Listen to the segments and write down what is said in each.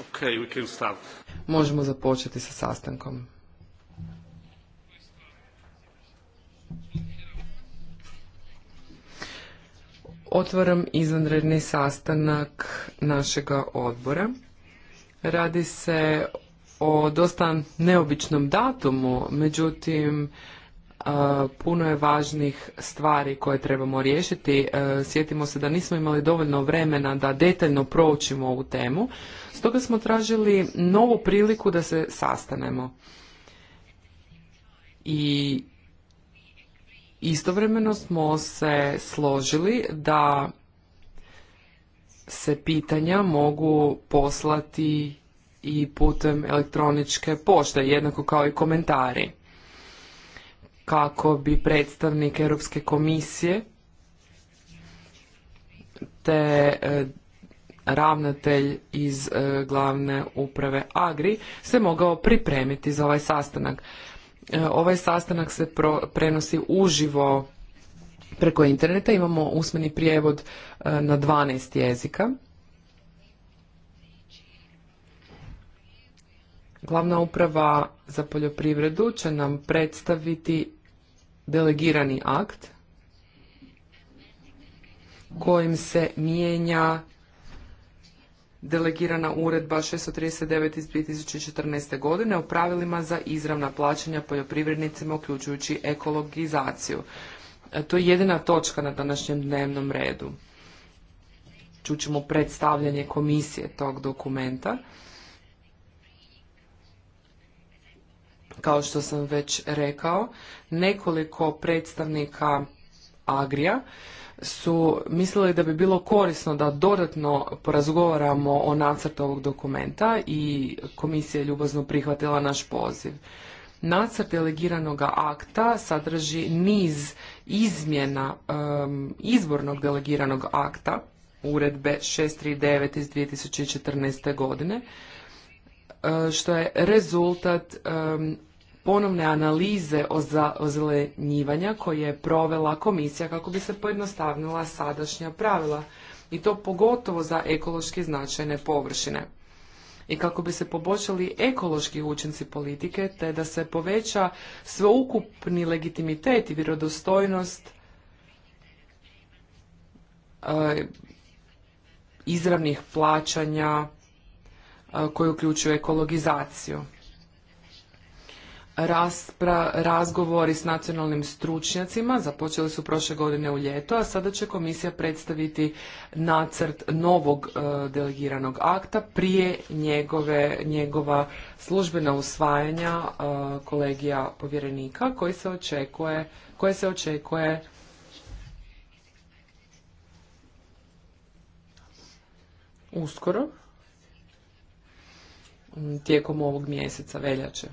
Okay, Možemo započeti sa sastankom. Otvaram izvanredni sastanak našega odbora. Radi se o dosta neobičnom datumu, međutim puno je važnih stvari koje trebamo riješiti. E, sjetimo se da nismo imali dovoljno vremena da detaljno proučimo ovu temu, stoga smo tražili novu priliku da se sastanemo. I istovremeno smo se složili da se pitanja mogu poslati i putem elektroničke pošte, jednako kao i komentari kako bi predstavnik Europske komisije te e, ravnatelj iz e, glavne uprave Agri se mogao pripremiti za ovaj sastanak. E, ovaj sastanak se prenosi uživo preko interneta, imamo usmeni prijevod na 12 jezika. Glavna uprava za poljoprivredu će nam predstaviti delegirani akt kojim se mijenja delegirana uredba 639 iz 2014. godine o pravilima za izravna plaćanja poljoprivrednicima uključujući ekologizaciju. E, to je jedina točka na današnjem dnevnom redu. Čućemo predstavljanje komisije tog dokumenta. Kao što sam već rekao, nekoliko predstavnika Agrija su mislili da bi bilo korisno da dodatno porazgovaramo o nacrtu ovog dokumenta i komisija je ljubazno prihvatila naš poziv. Nacrt delegiranoga akta sadrži niz izmjena izbornog delegiranog akta uredbe 639 iz 2014. godine, e, što je rezultat ponovne analize ozelenjivanja koje je provela komisija kako bi se pojednostavnila sadašnja pravila i to pogotovo za ekološki značajne površine i kako bi se poboljšali ekološki učinci politike te da se poveća sveukupni legitimitet i vjerodostojnost e, izravnih plaćanja koje koji uključuje ekologizaciju razgovori s nacionalnim stručnjacima započeli su prošle godine u ljeto, a sada će komisija predstaviti nacrt novog e, delegiranog akta prije njegove, njegova službena usvajanja e, kolegija povjerenika koji se očekuje, koje se očekuje uskoro tijekom ovog mjeseca veljače.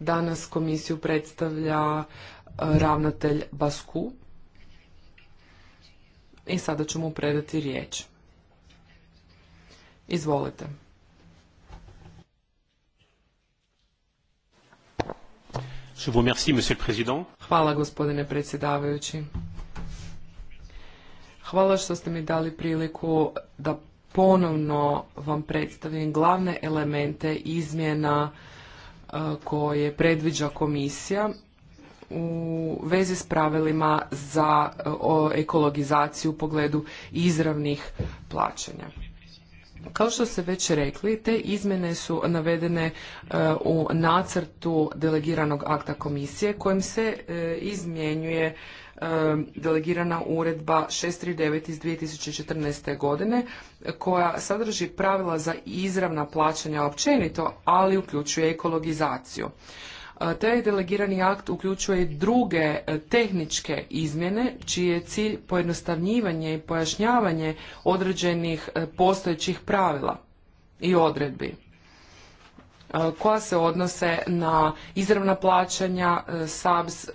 Danas komisiju predstavlja e, ravnatelj Basku. I sada ću mu predati riječ. Izvolite. Hvala gospodine predsjedavajući. Hvala što ste mi dali priliku da ponovno vam predstavim glavne elemente izmjena koje predviđa komisija u vezi s pravilima za ekologizaciju u pogledu izravnih plaćanja. Kao što ste već rekli, te izmjene su navedene e, u nacrtu delegiranog akta komisije kojim se e, izmjenjuje delegirana uredba 639 iz 2014. godine koja sadrži pravila za izravna plaćanja općenito, ali uključuje ekologizaciju. E, taj delegirani akt uključuje i druge e, tehničke izmjene čiji je cilj pojednostavnjivanje i pojašnjavanje određenih e, postojećih pravila i odredbi koja se odnose na izravna plaćanja, SABS,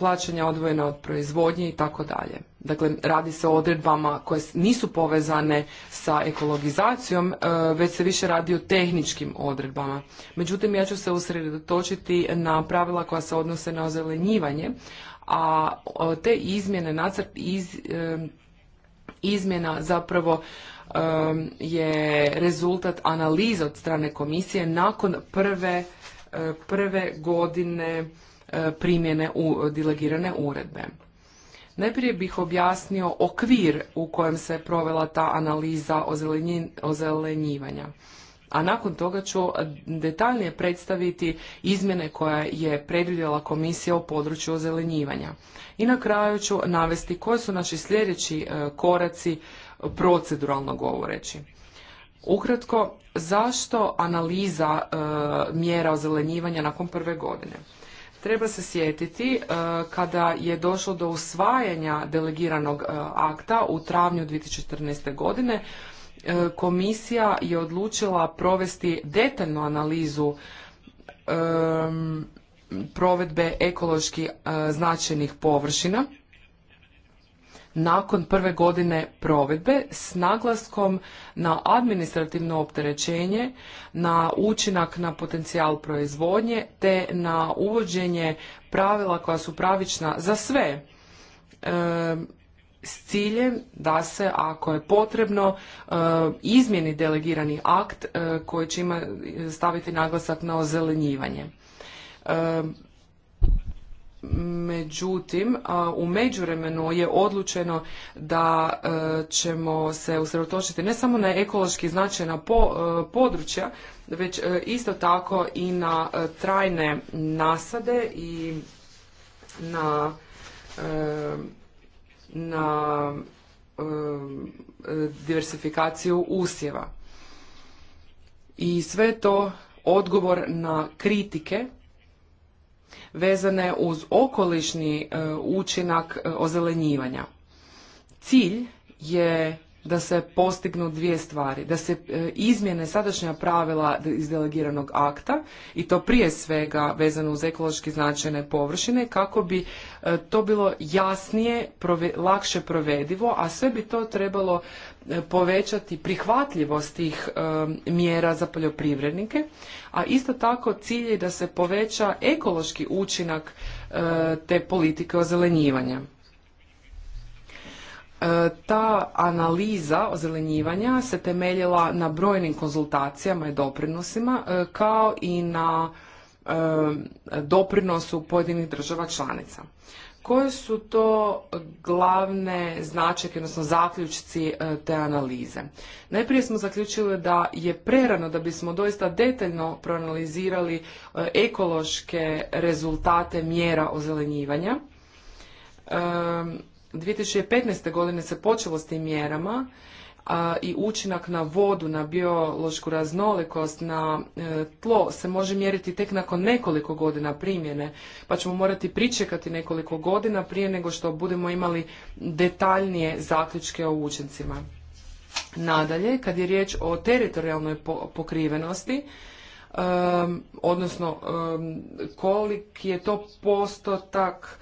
plaćanja odvojena od proizvodnje i tako dalje. Dakle, radi se o odredbama koje nisu povezane sa ekologizacijom, e, već se više radi o tehničkim odredbama. Međutim, ja ću se usredotočiti na pravila koja se odnose na ozelenjivanje, a te izmjene, nacrt iz, e, izmjena zapravo e, je rezultat analize od strane komisije nakon prve godine E, primjene u delegirane uredbe. Najprije bih objasnio okvir u kojem se provela ta analiza ozelenjivanja. A nakon toga ću detaljnije predstaviti izmjene koje je predvidjela komisija u području ozelenjivanja. I na kraju ću navesti koji su naši sljedeći e, koraci proceduralno govoreći. Ukratko, zašto analiza e, mjera ozelenjivanja nakon prve godine? treba se sjetiti e, kada je došlo do usvajanja delegiranog e, akta u travnju 2014. godine e, komisija je odlučila provesti detaljnu analizu provedbe ekološki značajnih površina nakon prve godine provedbe s naglaskom na administrativno opterećenje, na učinak na potencijal proizvodnje te na uvođenje pravila koja su pravična za sve e, s ciljem da se ako je potrebno e, izmjeni delegirani akt e, koji će ima staviti naglasak na ozelenjivanje Međutim, u međuvremenu je odlučeno da e, ćemo se usredotočiti ne samo na ekološki značajna e, područja, već e, isto tako i na trajne nasade i na, na diversifikaciju usjeva. I sve to odgovor na kritike vezane uz okolišni e, učinak e, ozelenjivanja. Cilj je da se postignu dvije stvari, da se e, izmjene sadašnja pravila iz delegiranog akta i to prije svega vezano uz ekološki značajne površine kako bi to bilo jasnije, lakše provedivo, a sve bi to trebalo povećati prihvatljivost tih mjera za poljoprivrednike, a isto tako cilj je da se poveća ekološki učinak e, te politike ozelenjivanja. E, ta analiza ozelenjivanja se temeljila na brojnim konzultacijama i doprinosima e, kao i na doprinosu pojedinih država članica. Koje su to glavne značajke, odnosno zaključci e, te analize? Najprije smo zaključili da je prerano da bismo doista detaljno proanalizirali e, ekološke rezultate mjera ozelenjivanja. 2015. godine se počelo s tim mjerama i učinak na vodu, na biološku raznolikost, na e, tlo se može mjeriti tek nakon nekoliko godina primjene, pa ćemo morati pričekati nekoliko godina prije nego što budemo imali detaljnije zaključke o učincima. Nadalje, kad je riječ o teritorijalnoj pokrivenosti, e, odnosno kolik e, koliki je to postotak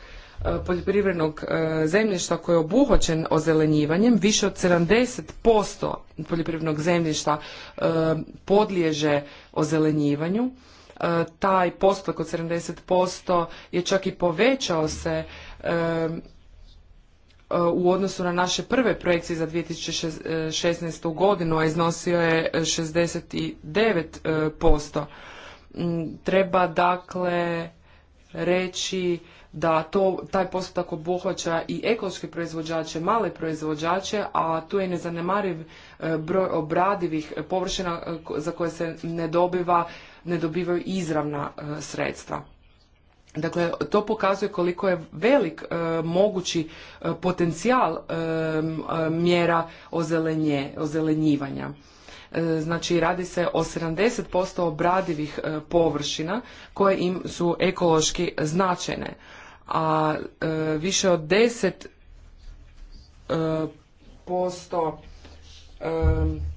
poljoprivrednog e, zemljišta koji je obuhvaćen ozelenjivanjem, više od 70% poljoprivrednog zemljišta e, podliježe ozelenjivanju. E, taj postotak od 70% je čak i povećao se u odnosu na naše prve projekcije za 2016. godinu, a iznosio je 69%. Mm, treba dakle reći da to, taj postotak obuhvaća i ekološke proizvođače, male proizvođače, a tu je nezanemariv e, broj obradivih površina e, za koje se ne dobiva, ne dobivaju izravna e, sredstva. Dakle, to pokazuje koliko je velik mogući potencijal mjera ozelenje, ozelenjivanja. Znači, radi se o 70% obradivih površina koje im su ekološki značajne a e, više od 10 e, posto e,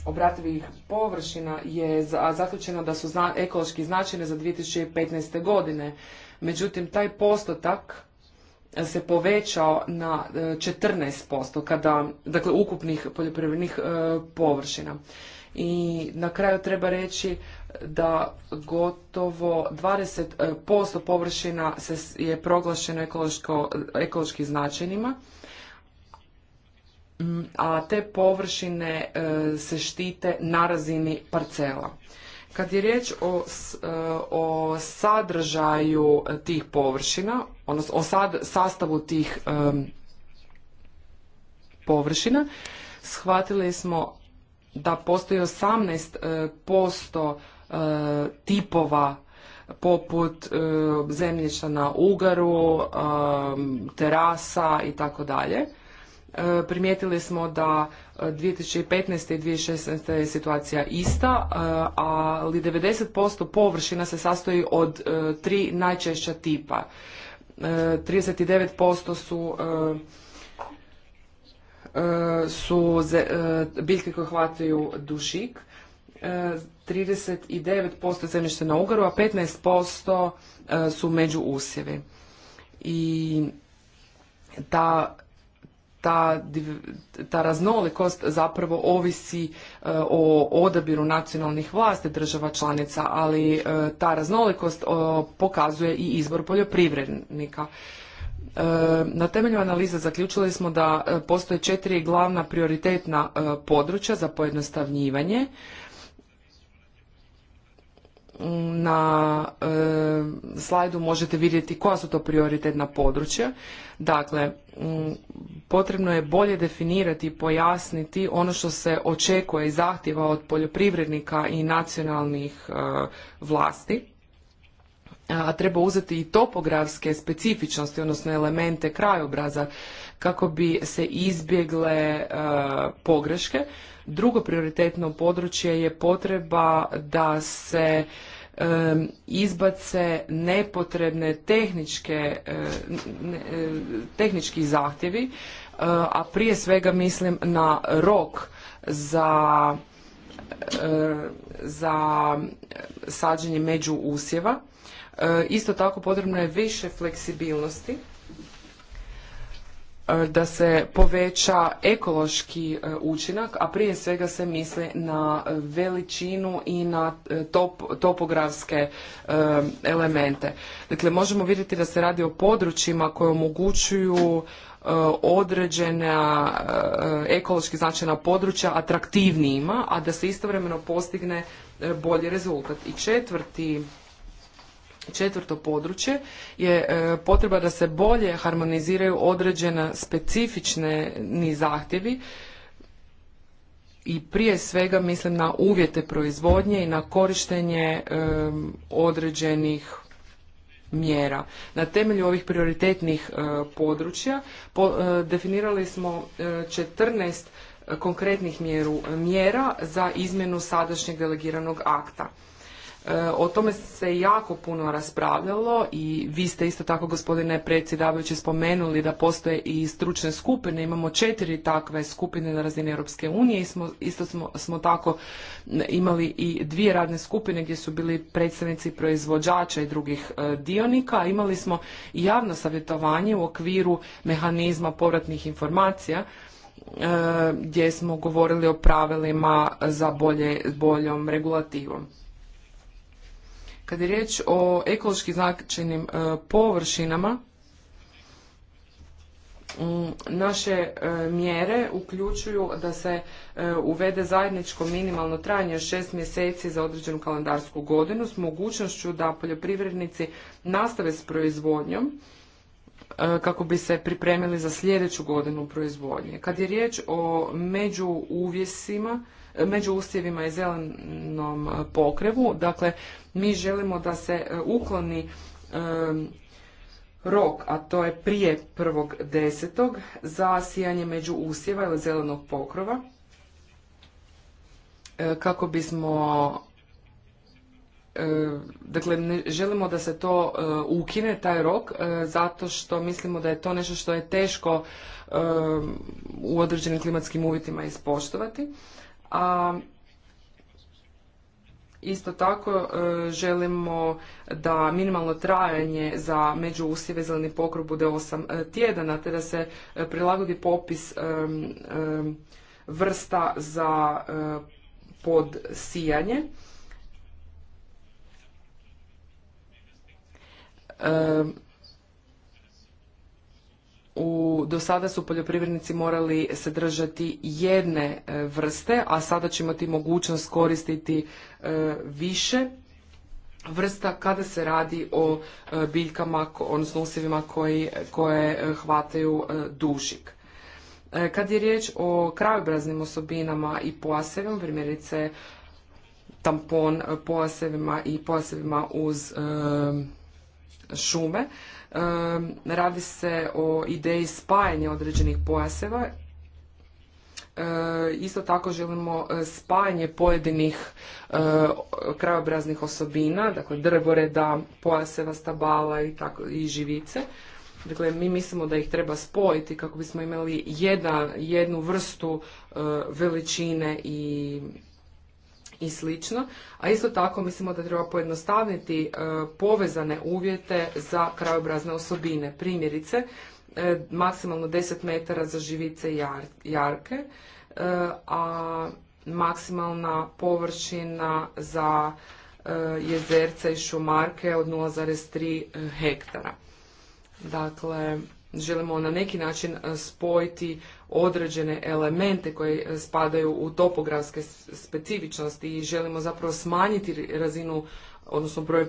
obrativih površina je zaključeno da su ekološki značajne za 2015. godine. Međutim, taj postotak se povećao na 14% e, kada, dakle, ukupnih poljoprivrednih e, površina. I na kraju treba reći da gotovo 20% površina je proglašeno ekološko, ekološki značajnima, a te površine e, se štite na razini parcela. Kad je riječ o, e, o sadržaju tih površina, odnosno o sastavu tih e, površina, shvatili smo da postoji 18% E, tipova poput e, zemljišta na ugaru, e, terasa i tako dalje. Primijetili smo da 2015. i 2016. je situacija ista, ali 90% površina se sastoji od tri najčešća tipa. 39% su su biljke koje hvataju dušik, 39% zemljište na ugaru, a 15% e, su među usjevi. I ta, ta, ta raznolikost zapravo ovisi e, o odabiru nacionalnih vlasti država članica, ali e, ta raznolikost pokazuje i izbor poljoprivrednika. Na temelju analize zaključili smo da postoje četiri glavna prioritetna područja za pojednostavnjivanje na e, slajdu možete vidjeti koja su to prioritetna područja. Dakle, potrebno je bolje definirati i pojasniti ono što se očekuje i zahtjeva od poljoprivrednika i nacionalnih e, vlasti. A treba uzeti i topografske specifičnosti, odnosno elemente krajobraza kako bi se izbjegle e, pogreške. Drugo prioritetno područje je potreba da se e, izbace nepotrebne tehničke, e, tehnički zahtjevi, a prije svega mislim na rok za za sađenje među usjeva. Isto tako potrebno je više fleksibilnosti da se poveća ekološki e, učinak, a prije svega se misli na veličinu i na e, topografske e, elemente. Dakle, možemo vidjeti da se radi o područjima koje omogućuju određena ekološki značajna područja atraktivnijima, a da se istovremeno postigne bolji rezultat. I četvrti Četvrto područje je e, potreba da se bolje harmoniziraju određena specifični ni zahtjevi i prije svega mislim na uvjete proizvodnje i na korištenje e, određenih mjera. Na temelju ovih prioritetnih e, područja definirali smo 14 konkretnih mjera za izmjenu sadašnjeg delegiranog akta. E, o tome se jako puno raspravljalo i vi ste isto tako gospodine predsjedavajući spomenuli da postoje i stručne skupine. Imamo četiri takve skupine na razini Europske unije i smo, isto smo, tako imali i dvije radne skupine gdje su bili predstavnici proizvođača i drugih dionika, e, dionika. Imali smo i javno savjetovanje u okviru mehanizma povratnih informacija e, gdje smo govorili o pravilima za bolje, boljom regulativom. Kad je riječ o ekološki značajnim e, površinama, mm, naše e, mjere uključuju da se e, uvede zajedničko minimalno trajanje šest mjeseci za određenu kalendarsku godinu s mogućnošću da poljoprivrednici nastave s proizvodnjom kako bi se pripremili za sljedeću godinu proizvodnje. Kad je riječ o među uvjesima, među usjevima i zelenom pokrevu. Dakle, mi želimo da se e, ukloni rok, a to je prije desetog, za sijanje među usjeva ili zelenog pokrova e, kako bismo e, dakle ne želimo da se to ukine taj rok zato što mislimo da je to nešto što je teško u određenim klimatskim uvjetima ispoštovati a Isto tako e, želimo da minimalno trajanje za međuusjeve zeleni pokrov bude 8 e, tjedana, te da se e, prilagodi popis vrsta za podsijanje u, do sada su poljoprivrednici morali se držati jedne e, vrste, a sada će imati mogućnost koristiti e, više vrsta kada se radi o e, biljkama, odnosno usjevima koje hvataju dušik. Kad je riječ o krajobraznim osobinama i pojasevima, primjerice tampon pojasevima i pojasevima uz šume, radi se o ideji spajanja određenih pojaseva. Isto tako želimo e, spajanje pojedinih e, krajobraznih osobina, dakle drvoreda, pojaseva, stabala i, tako, i živice. Dakle, mi mislimo da ih treba spojiti kako bismo imali jedna, jednu vrstu e, veličine i i slično, a isto tako mislimo da treba pojednostavniti e, povezane uvjete za krajobrazne osobine. Primjerice, e, maksimalno 10 metara za živice i jarke, e, a maksimalna površina za jezerca i šumarke od 0,3 hektara. Dakle, želimo na neki način spojiti određene elemente koji e, spadaju u topografske specifičnosti i želimo zapravo smanjiti razinu odnosno broj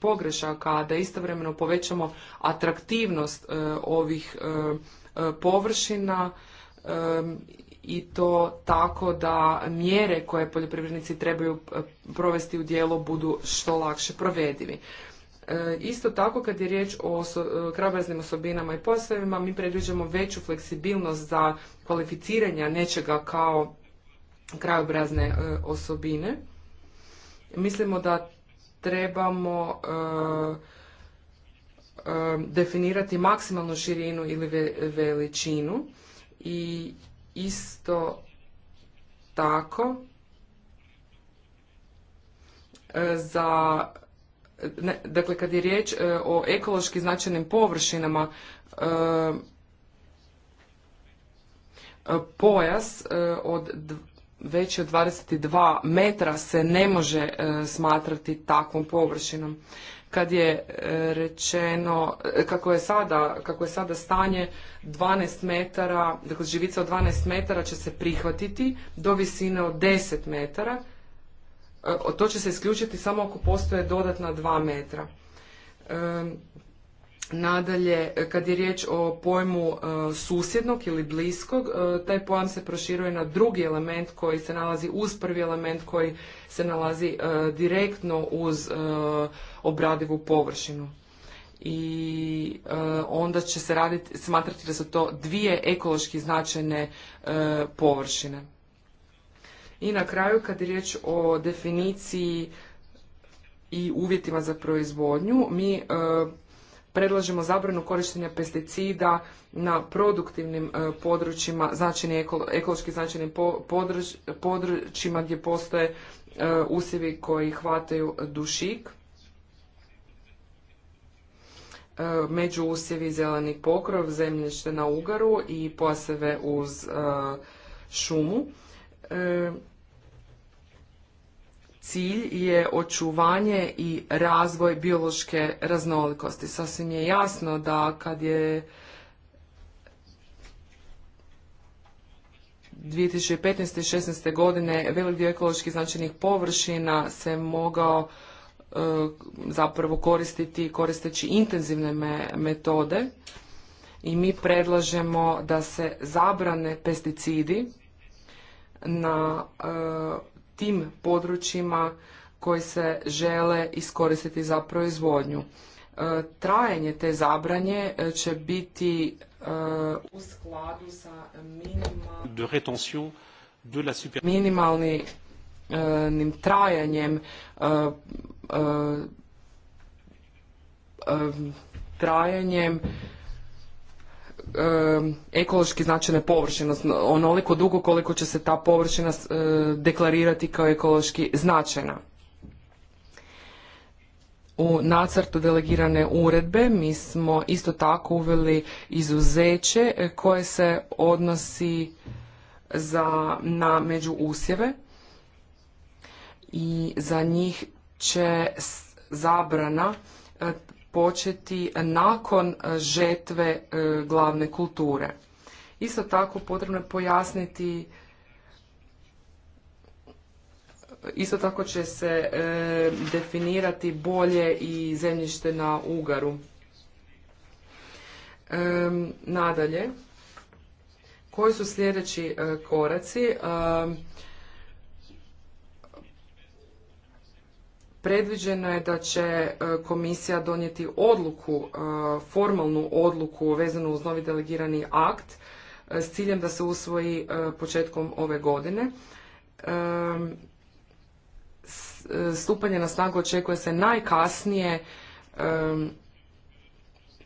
pogrešaka, da istovremeno povećamo atraktivnost e, ovih e, površina i to tako da mjere koje poljoprivrednici trebaju provesti u dijelu budu što lakše provedivi. E, isto tako kad je riječ o e, krajobraznim osobinama i poslovima, mi predviđamo veću fleksibilnost za kvalificiranje nečega kao krajobrazne e, osobine. Mislimo da trebamo definirati maksimalnu širinu ili veličinu i isto tako za dakle kad je riječ e, o ekološki značajnim površinama e, e, pojas od veći od 22 metra se ne može smatrati takvom površinom. Kad je rečeno, kako je sada, kako je sada stanje 12 metara, dakle živica od 12 metara će se prihvatiti do visine od 10 metara, E, to će se isključiti samo ako postoje dodatna dva metra. E, nadalje, kad je riječ o pojmu e, susjednog ili bliskog, taj pojam se proširuje na drugi element koji se nalazi uz prvi element koji se nalazi direktno uz obradivu površinu. I onda će se raditi, smatrati da su to dvije ekološki značajne površine. I na kraju, kad je riječ o definiciji i uvjetima za proizvodnju, mi e, predlažemo zabranu korištenja pesticida na produktivnim e, područjima, znači ekološki značajnim područjima gdje postoje e, usjevi koji hvataju dušik, među usjevi zeleni pokrov, zemljište na ugaru i poseve uz šumu. Cilj je očuvanje i razvoj biološke raznolikosti. Sasvim je jasno da kad je 2015. i 2016. godine velik dio ekološki značajnih površina se mogao e, zapravo koristiti koristeći intenzivne metode i mi predlažemo da se zabrane pesticidi na e, tim područjima koji se žele iskoristiti za proizvodnju. E, trajanje te zabranje e, će biti e, u skladu sa minimalnim trajanjem trajanjem ekološki značajne površine, onoliko dugo koliko će se ta površina e, deklarirati kao ekološki značajna. U nacrtu delegirane uredbe mi smo isto tako uveli izuzeće e, koje se odnosi na međuusjeve i za njih će zabrana e, početi nakon e, žetve e, glavne kulture. Isto tako potrebno je pojasniti Isto tako će se e, definirati bolje i zemljište na ugaru. nadalje, koji su sljedeći koraci? Predviđeno je da će e, komisija donijeti odluku, e, formalnu odluku vezanu uz novi delegirani akt e, s ciljem da se usvoji početkom ove godine. Stupanje na snagu očekuje se najkasnije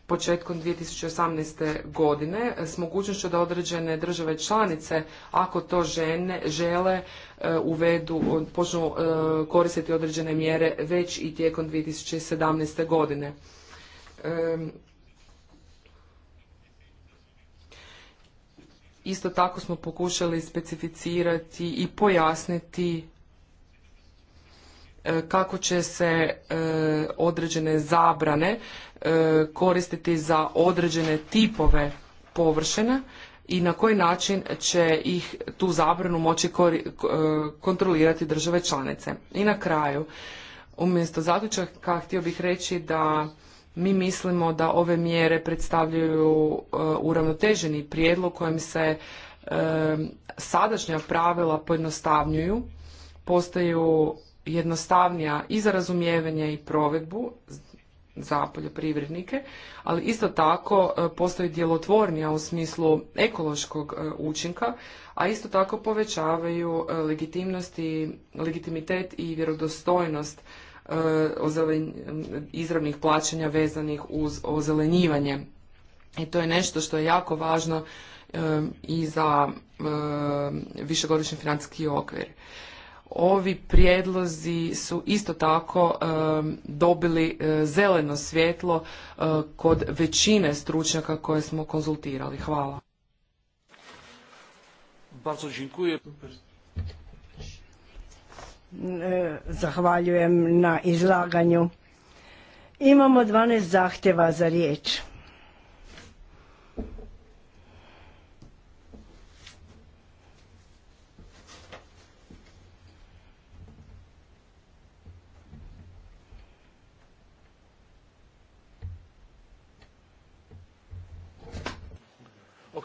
početkom 2018. godine s mogućnošću da određene države članice, ako to žene, žele, e, uvedu, počnu e, koristiti određene mjere već i tijekom 2017. godine. Isto tako smo pokušali specificirati i pojasniti E, kako će se e, određene zabrane e, koristiti za određene tipove površina i na koji način će ih tu zabranu moći kontrolirati države članice. I na kraju, umjesto zaključaka htio bih reći da mi mislimo da ove mjere predstavljaju uravnoteženi prijedlog kojim se sadašnja pravila pojednostavnjuju, postaju jednostavnija i za razumijevanje i provedbu za poljoprivrednike, ali isto tako e, postoji djelotvornija u smislu ekološkog e, učinka, a isto tako povećavaju e, legitimnost i, legitimitet i vjerodostojnost izravnih plaćanja vezanih uz ozelenjivanje. I to je nešto što je jako važno i za višegodišnji financijski okvir ovi prijedlozi su isto tako dobili eh, zeleno svjetlo eh, kod većine stručnjaka koje smo konzultirali. Hvala. E, zahvaljujem na izlaganju. Imamo 12 zahtjeva za riječ.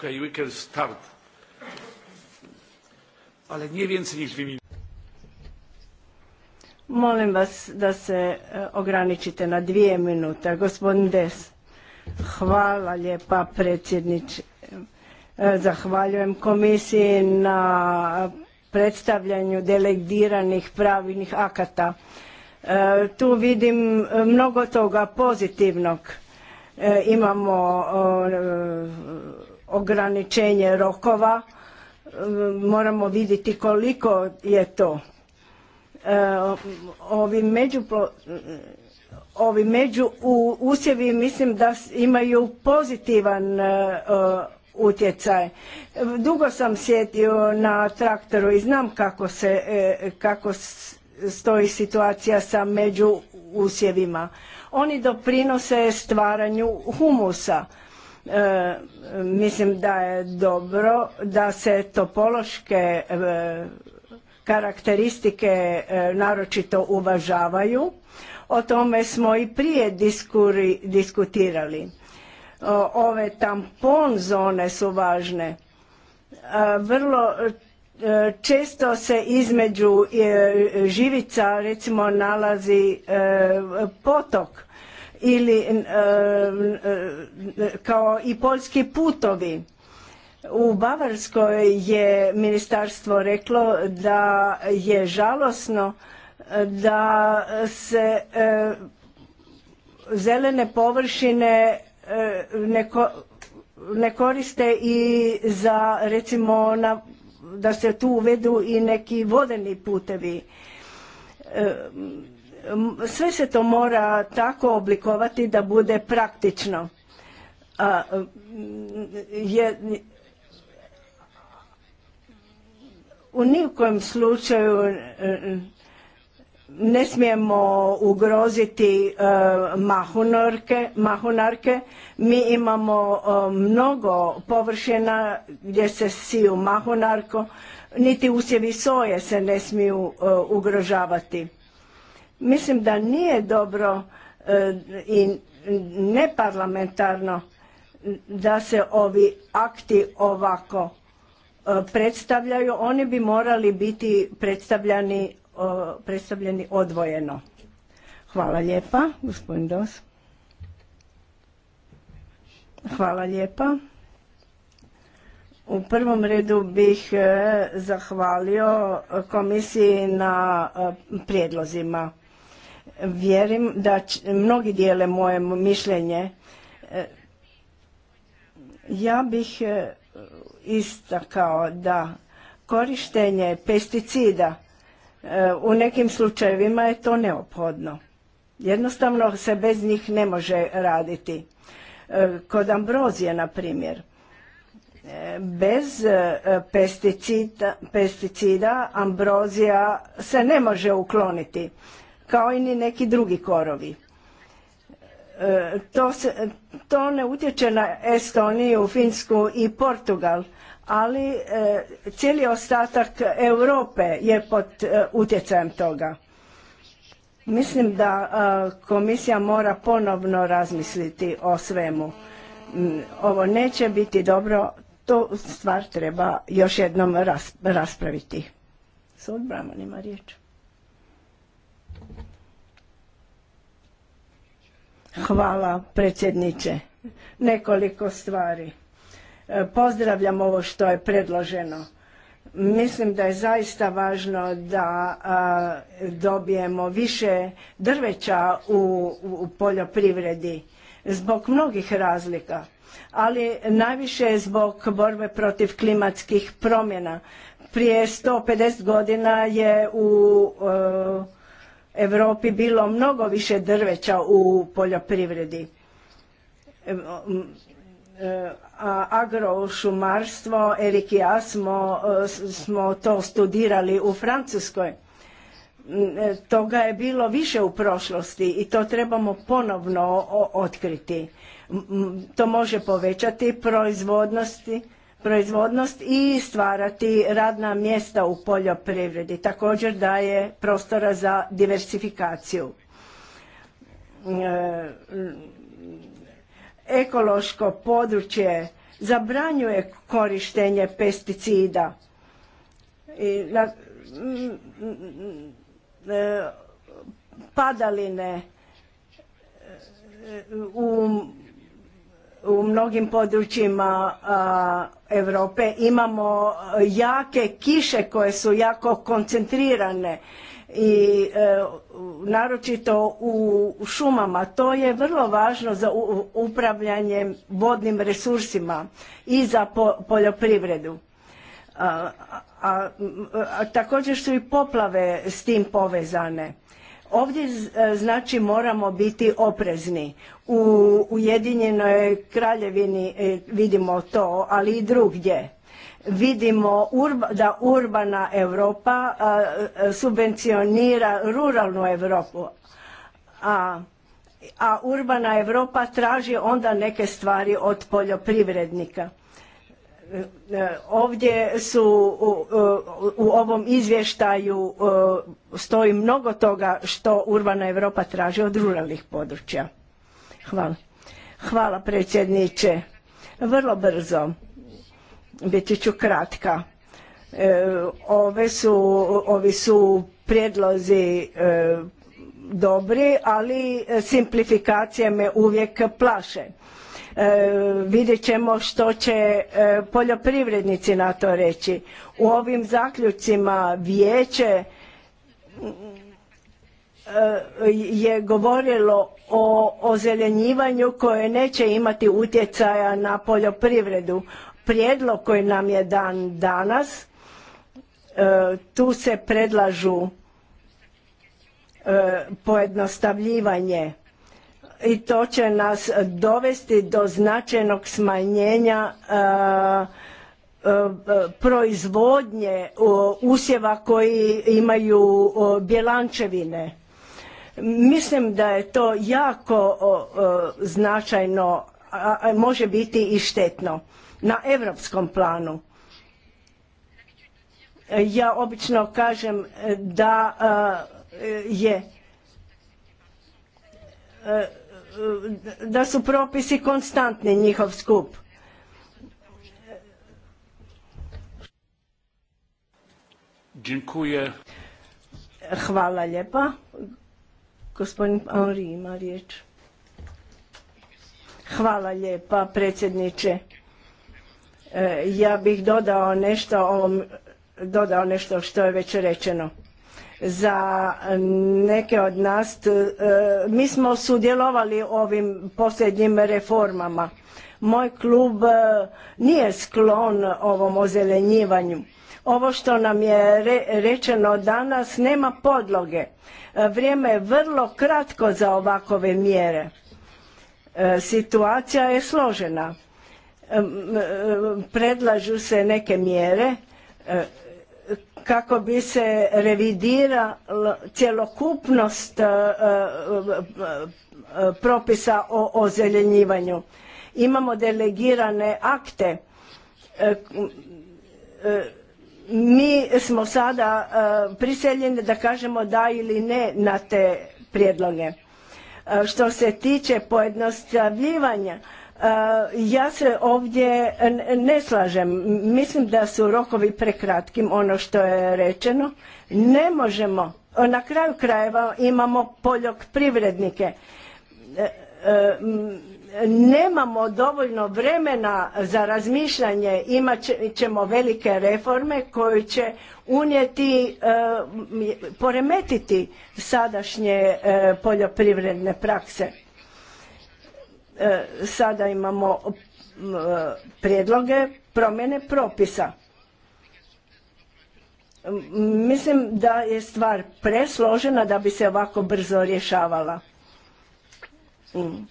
we can start. Ale nie więcej niż dwie minuty. Molim vas da se e, ograničite na dvije minute. Gospodin Des, hvala lijepa predsjedniče. E, zahvaljujem komisiji na predstavljanju delegiranih pravnih akata. E, tu vidim mnogo toga pozitivnog. Imamo ograničenje rokova, e, moramo vidjeti koliko je to. E, ovi među, usjevi mislim da imaju pozitivan e, utjecaj. Dugo sam sjetio na traktoru i znam kako se, kako stoji situacija sa među usjevima. Oni doprinose stvaranju humusa E, mislim da je dobro da se topološke e, karakteristike e, naročito uvažavaju. O tome smo i prije diskutirali. Ove tampon zone su važne. Vrlo često se između živica recimo nalazi potok ili e, e, kao i poljski putovi. U Bavarskoj je ministarstvo reklo da je žalosno e, da se zelene površine ne, koriste i za recimo da se tu uvedu i neki vodeni putevi. Sve se to mora tako oblikovati da bude praktično. u nijekom slučaju e, ne smijemo ugroziti e, mahunarke. Mi imamo e, mnogo površina gdje se siju mahunarko, niti usjevi soje se ne smiju ugrožavati. Mislim da nije dobro e, i neparlamentarno da se ovi akti ovako e, predstavljaju. Oni bi morali biti predstavljeni odvojeno. Hvala lijepa, gospodin Dos. Hvala lijepa. U prvom redu bih e, zahvalio komisiji na prijedlozima. Vjerim da mnogi dijele moje mišljenje. E, ja bih e, istakao da korištenje pesticida e, u nekim slučajevima je to neophodno. Jednostavno se bez njih ne može raditi. Kod ambrozije, na primjer, bez pesticida, pesticida ambrozija se ne može ukloniti kao i ni neki drugi korovi. E, to, se, to ne utječe na Estoniju, Finsku i Portugal, ali e, cijeli ostatak Europe je pod e, utjecajem toga. Mislim da komisija mora ponovno razmisliti o svemu. Ovo neće biti dobro, to stvar treba još jednom raspraviti. Sud Braman ima riječ. Hvala predsjedniče. Nekoliko stvari. E, pozdravljam ovo što je predloženo. Mislim da je zaista važno da dobijemo više drveća u, poljoprivredi zbog mnogih razlika, ali najviše zbog borbe protiv klimatskih promjena. Prije 150 godina je u e, Europi bilo mnogo više drveća u poljoprivredi. E, agrošumarstvo, Erik i ja smo, e, smo to studirali u Francuskoj. E, toga je bilo više u prošlosti i to trebamo ponovno otkriti. To može povećati proizvodnosti, proizvodnost i stvarati radna mjesta u poljoprivredi. Također daje prostora za diversifikaciju. E, ekološko područje zabranjuje korištenje pesticida. I e, padaline e, u u mnogim područjima Europe imamo jake kiše koje su jako koncentrirane i e, naročito u šumama. To je vrlo važno za upravljanje vodnim resursima i za poljoprivredu. a također su i poplave s tim povezane. Ovdje e, znači moramo biti oprezni. U Ujedinjenoj kraljevini e, vidimo to, ali i drugdje. Vidimo da urbana Europa e, subvencionira ruralnu Europu, a, a urbana Europa traži onda neke stvari od poljoprivrednika E, ovdje su u, ovom izvještaju e, stoji mnogo toga što urbana Europa traži od ruralnih područja. Hvala. predsjedniče. Vrlo brzo. Biti ću kratka. E, ove su, ovi su prijedlozi dobri, ali simplifikacije me uvijek plaše E, vidjet ćemo što će e, poljoprivrednici na to reći. U ovim zaključcima vijeće e, je govorilo o ozelenjivanju koje neće imati utjecaja na poljoprivredu. Prijedlog koji nam je dan danas, tu se predlažu pojednostavljivanje i to će nas dovesti do značajnog smanjenja e, e, proizvodnje e, usjeva koji imaju bjelančevine. Mislim da je to jako značajno, a može biti i štetno na europskom planu. Ja obično kažem da je da su propisi konstantni njihov skup. Hvala lijepa. Gospodin Henri ima riječ. Hvala lijepa predsjedniče. E, ja bih dodao dodao nešto što je već rečeno za neke od nas. E, mi smo sudjelovali ovim posljednjim reformama. Moj klub e, nije sklon ovom ozelenjivanju. Ovo što nam je rečeno danas nema podloge. E, vrijeme je vrlo kratko za ovakove mjere. Situacija je složena. Predlažu se neke mjere kako bi se revidirala cjelokupnost e, e, e, propisa o ozeljenjivanju. Imamo delegirane akte. Mi smo sada priseljeni da kažemo da ili ne na te prijedloge. Što se tiče pojednostavljivanja, ja se ovdje ne slažem. Mislim da su rokovi prekratkim, ono što je rečeno. Ne možemo, na kraju krajeva imamo poljoprivrednike. E, e, nemamo dovoljno vremena za razmišljanje, imat ćemo velike reforme koje će unijeti, e, poremetiti sadašnje poljoprivredne prakse E, sada imamo e, prijedloge promjene propisa. Mislim da je stvar presložena da bi se ovako brzo rješavala. Mm.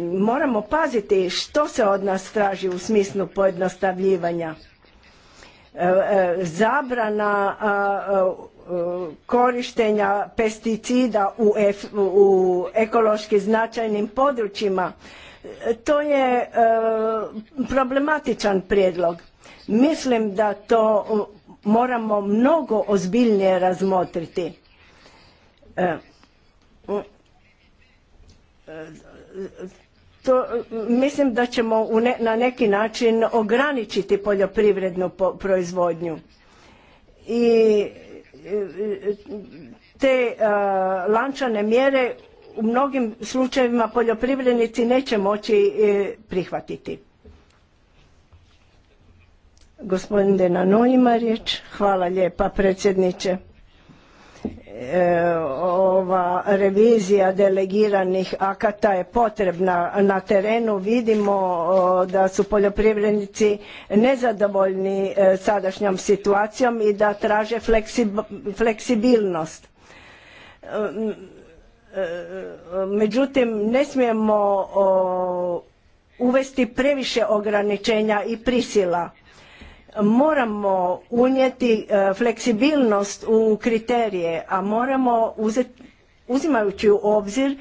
Moramo paziti što se od nas traži u smislu pojednostavljivanja. E, zabrana korištenja pesticida u, ekološki značajnim područjima to je e, problematičan prijedlog mislim da to e, moramo mnogo ozbiljnije razmotriti e, mislim da ćemo na neki način ograničiti poljoprivrednu proizvodnju i te e, lančane mjere u mnogim slučajevima poljoprivrednici neće moći e, prihvatiti. Gospodin Denano ima riječ. Hvala lijepa predsjedniče ova revizija delegiranih akata je potrebna na terenu vidimo da su poljoprivrednici nezadovoljni e, sadašnjom situacijom i da traže fleksibilnost e, e, međutim ne smijemo uvesti previše ograničenja i prisila moramo unijeti e, fleksibilnost u kriterije, a moramo uzimajući u obzir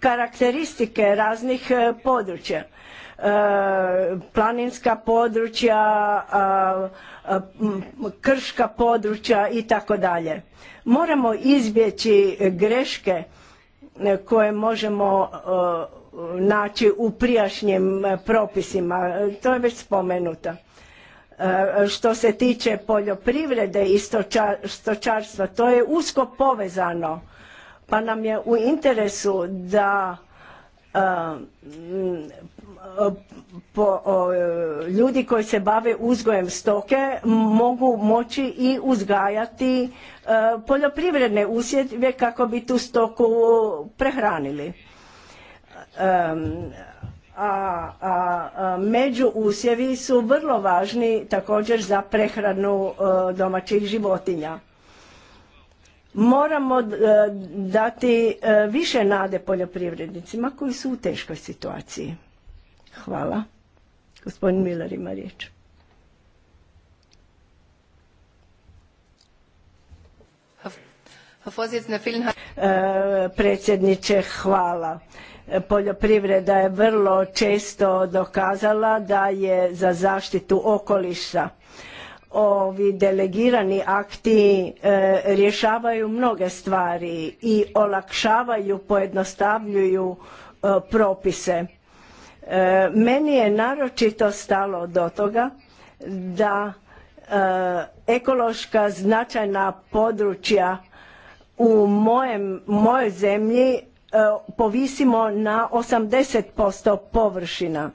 karakteristike raznih e, područja. E, planinska područja, krška područja i tako dalje. Moramo izbjeći greške koje možemo naći u prijašnjim propisima. To je već spomenuto E, što se tiče poljoprivrede i stočarstva, to je usko povezano, pa nam je u interesu da e, ljudi koji se bave uzgojem stoke mogu moći i uzgajati e, poljoprivredne usjeve kako bi tu stoku prehranili a, a, među usjevi su vrlo važni također za prehranu e, domaćih životinja. Moramo e, dati e, više nade poljoprivrednicima koji su u teškoj situaciji. Hvala. Gospodin Miller ima riječ. Predsjedniče, hvala poljoprivreda je vrlo često dokazala da je za zaštitu okoliša ovi delegirani akti e, rješavaju mnoge stvari i olakšavaju pojednostavljuju e, propise e, meni je naročito stalo do toga da ekološka značajna područja u mojoj zemlji E, povisimo na 80% površina.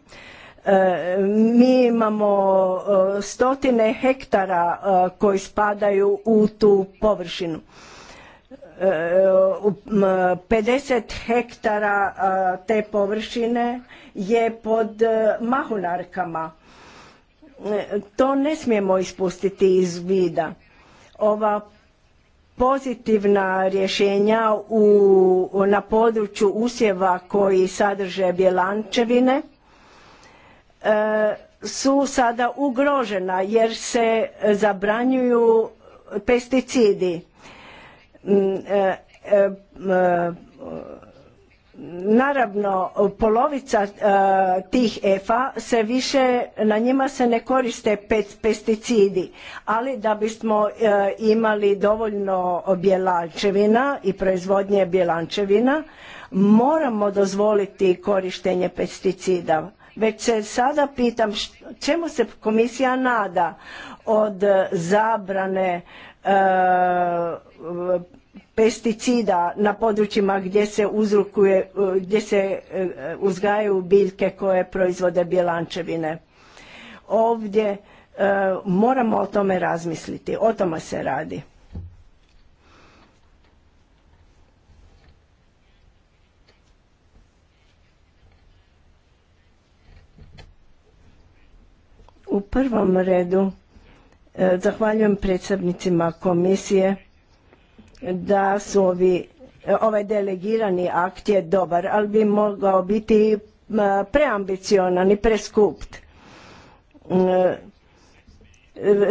E, mi imamo e, stotine hektara koji spadaju u tu površinu. 50 hektara te površine je pod mahunarkama. To ne smijemo ispustiti iz vida. Ova pozitivna rješenja na području usjeva koji sadrže bjelančevine e, su sada ugrožena jer se zabranjuju pesticidi. Mm, e, e, Naravno, polovica e, tih EFA se više, na njima se ne koriste pesticidi, ali da bismo e, imali dovoljno bjelančevina i proizvodnje bjelančevina, moramo dozvoliti korištenje pesticida. Već se sada pitam čemu se komisija nada od zabrane e, pesticida na područjima gdje se e, gdje se e, uzgajaju biljke koje proizvode bjelančevine. Ovdje e, moramo o tome razmisliti, o tome se radi. U prvom redu zahvaljujem predstavnicima komisije da su ovi, ovaj delegirani akt je dobar, ali bi mogao biti e, preambicionan i preskup. E,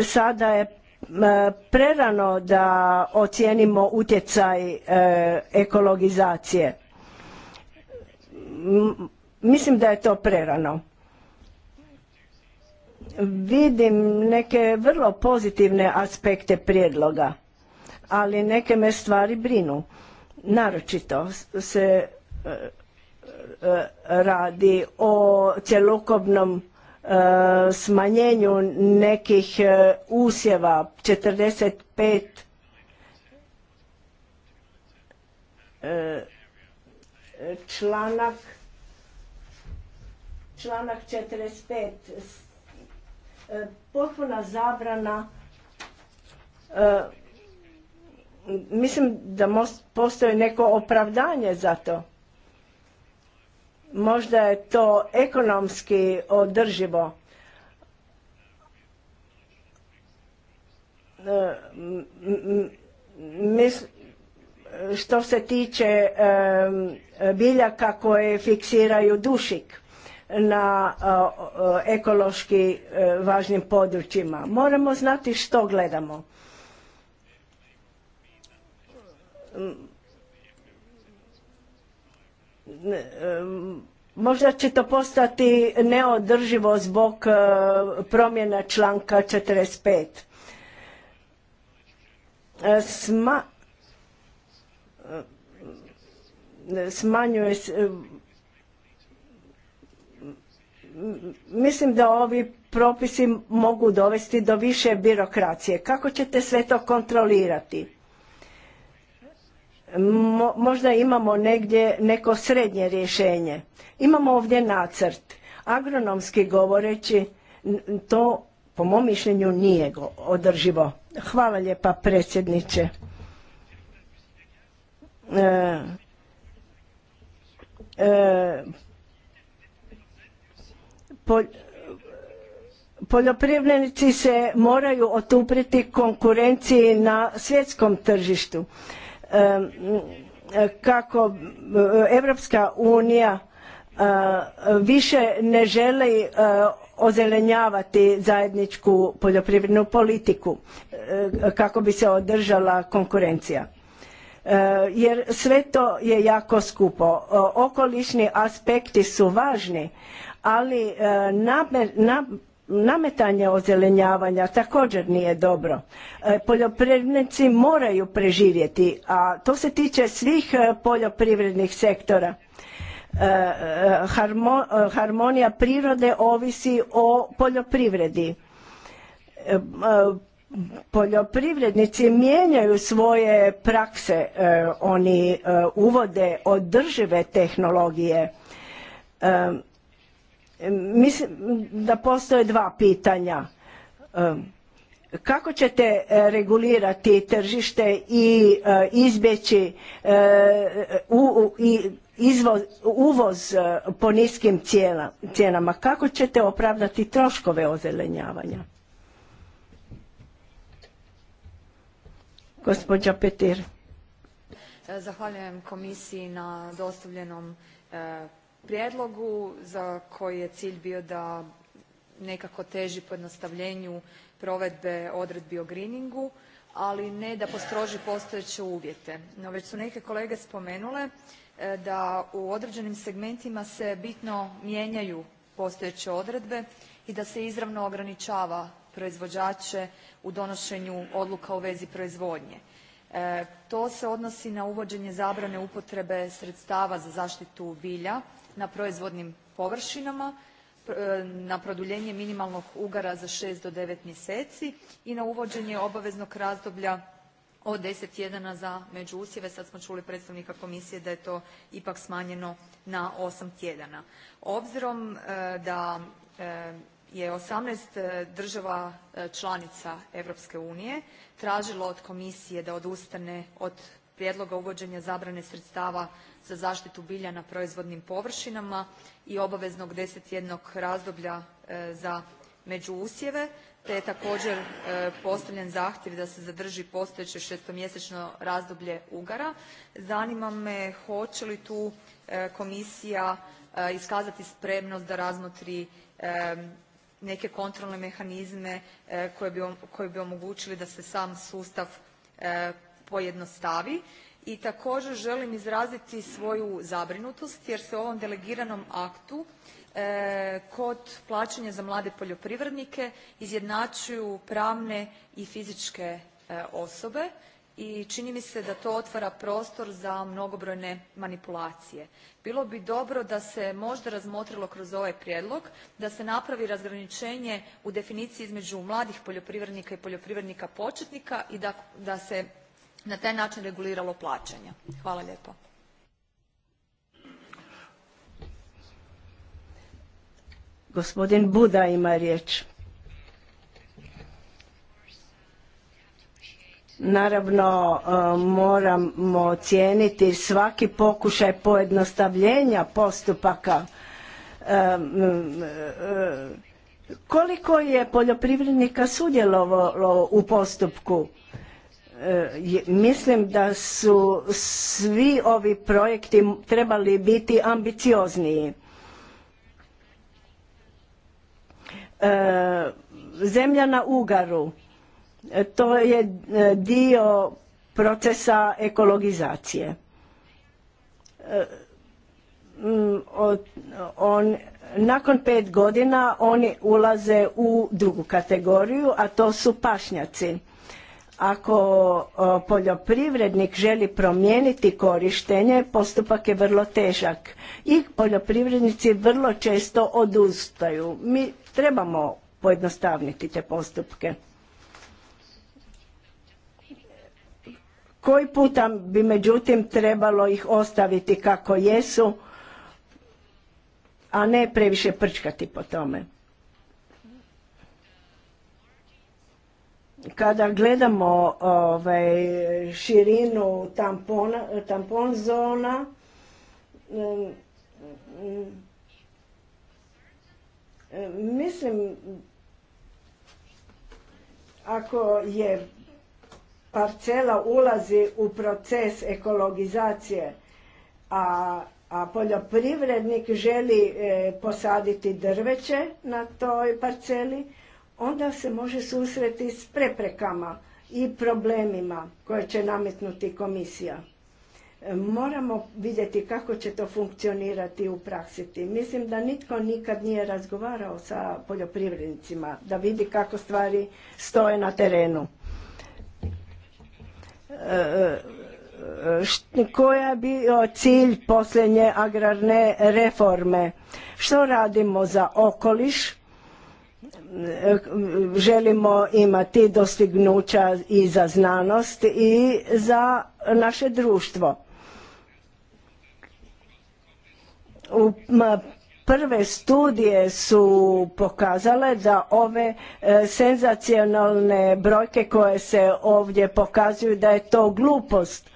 sada je e, prerano da ocijenimo utjecaj ekologizacije. Mislim da je to prerano. Vidim neke vrlo pozitivne aspekte prijedloga ali neke me stvari brinu. Naročito se e, e, radi o celokobnom e, smanjenju nekih usjeva 45 članak članak 45 potpuna zabrana Mislim da postoji neko opravdanje za to. Možda je to ekonomski održivo. E, što se tiče e, biljaka koje fiksiraju dušik na ekološki e, važnim područjima. Moramo znati što gledamo. Mm, možda će to postati neodrživo zbog e, promjena članka 45. E, sma, e, smanjuje se, mislim da ovi propisi mogu dovesti do više birokracije. Kako ćete sve to kontrolirati? možda imamo negdje neko srednje rješenje. Imamo ovdje nacrt. Agronomski govoreći to po mom mišljenju nije održivo. Hvala lijepa predsjedniče. E, e, poljoprivrednici se moraju otupriti konkurenciji na svjetskom tržištu kako eh, Evropska unija eh, više ne želi eh, ozelenjavati zajedničku poljoprivrednu politiku kako bi se održala konkurencija. Jer sve to je jako skupo. Okolišni aspekti su važni, ali Nametanje ozelenjavanja također nije dobro. E, poljoprivrednici moraju preživjeti, a to se tiče svih e, poljoprivrednih sektora. E, harmonija prirode ovisi o poljoprivredi. Poljoprivrednici mijenjaju svoje prakse, oni uvode održive tehnologije. Mislim da postoje dva pitanja. E, kako ćete e, regulirati tržište i e, izbjeći uvoz po niskim cijenama? Kako ćete opravdati troškove ozelenjavanja? Gospođa Petir. Zahvaljujem komisiji na dostavljenom prijedlogu za koji je cilj bio da nekako teži pojednostavljenju provedbe odredbi o greeningu ali ne da postroži postojeće uvjete. no već su neke kolege spomenule e, da u određenim segmentima se bitno mijenjaju postojeće odredbe i da se izravno ograničava proizvođače u donošenju odluka u vezi proizvodnje. E, to se odnosi na uvođenje zabrane upotrebe sredstava za zaštitu bilja na proizvodnim površinama, e, na produljenje minimalnog ugara za 6 do 9 mjeseci i na uvođenje obaveznog razdoblja od 10 tjedana za međuusjeve. Sad smo čuli predstavnika komisije da je to ipak smanjeno na 8 tjedana. Obzirom e, da e, je 18 država članica Europske unije tražilo od komisije da odustane od prijedloga uvođenja zabrane sredstava za zaštitu bilja na proizvodnim površinama i obaveznog desetjednog razdoblja e, za međuusjeve te je također e, postavljen zahtjev da se zadrži postojeće šestomjesečno razdoblje ugara. Zanima me hoće li tu e, komisija iskazati spremnost da razmotri neke kontrolne mehanizme koji bi omogućili da se sam sustav pojednostavi i također želim izraziti svoju zabrinutost jer se u ovom delegiranom aktu e, kod plaćanja za mlade poljoprivrednike izjednačuju pravne i fizičke e, osobe i čini mi se da to otvara prostor za mnogobrojne manipulacije. Bilo bi dobro da se možda razmotrilo kroz ovaj prijedlog da se napravi razgraničenje u definiciji između mladih poljoprivrednika i poljoprivrednika početnika i da se na taj način reguliralo plaćanja. Hvala lijepo. Gospodin Buda ima riječ. Naravno, e, moramo cijeniti svaki pokušaj pojednostavljenja postupaka. E, e, koliko je poljoprivrednika sudjelovalo u postupku? E, mislim da su svi ovi projekti trebali biti ambiciozniji. E, zemlja na Ugaru, e, to je dio procesa ekologizacije. nakon pet godina oni ulaze u drugu kategoriju, a to su pašnjaci ako poljoprivrednik želi promijeniti korištenje, postupak je vrlo težak i poljoprivrednici vrlo često odustaju. Mi trebamo pojednostavniti te postupke. Koji puta bi međutim trebalo ih ostaviti kako jesu, a ne previše prčkati po tome. Kada gledamo ovaj, širinu tampona, tampon zona, mislim ako je parcela ulazi u proces ekologizacije, a, a poljoprivrednik želi eh, posaditi drveće na toj parceli, onda se može susreti s preprekama i problemima koje će nametnuti komisija. E, moramo vidjeti kako će to funkcionirati u praksiti. Mislim da nitko nikad nije razgovarao sa poljoprivrednicima da vidi kako stvari stoje na terenu. E, e, koja je bio cilj posljednje agrarne reforme? Što radimo za okoliš? E, želimo imati dostignuća i za znanost i za naše društvo. prve studije su pokazale da ove e, senzacionalne brojke koje se ovdje pokazuju da je to glupost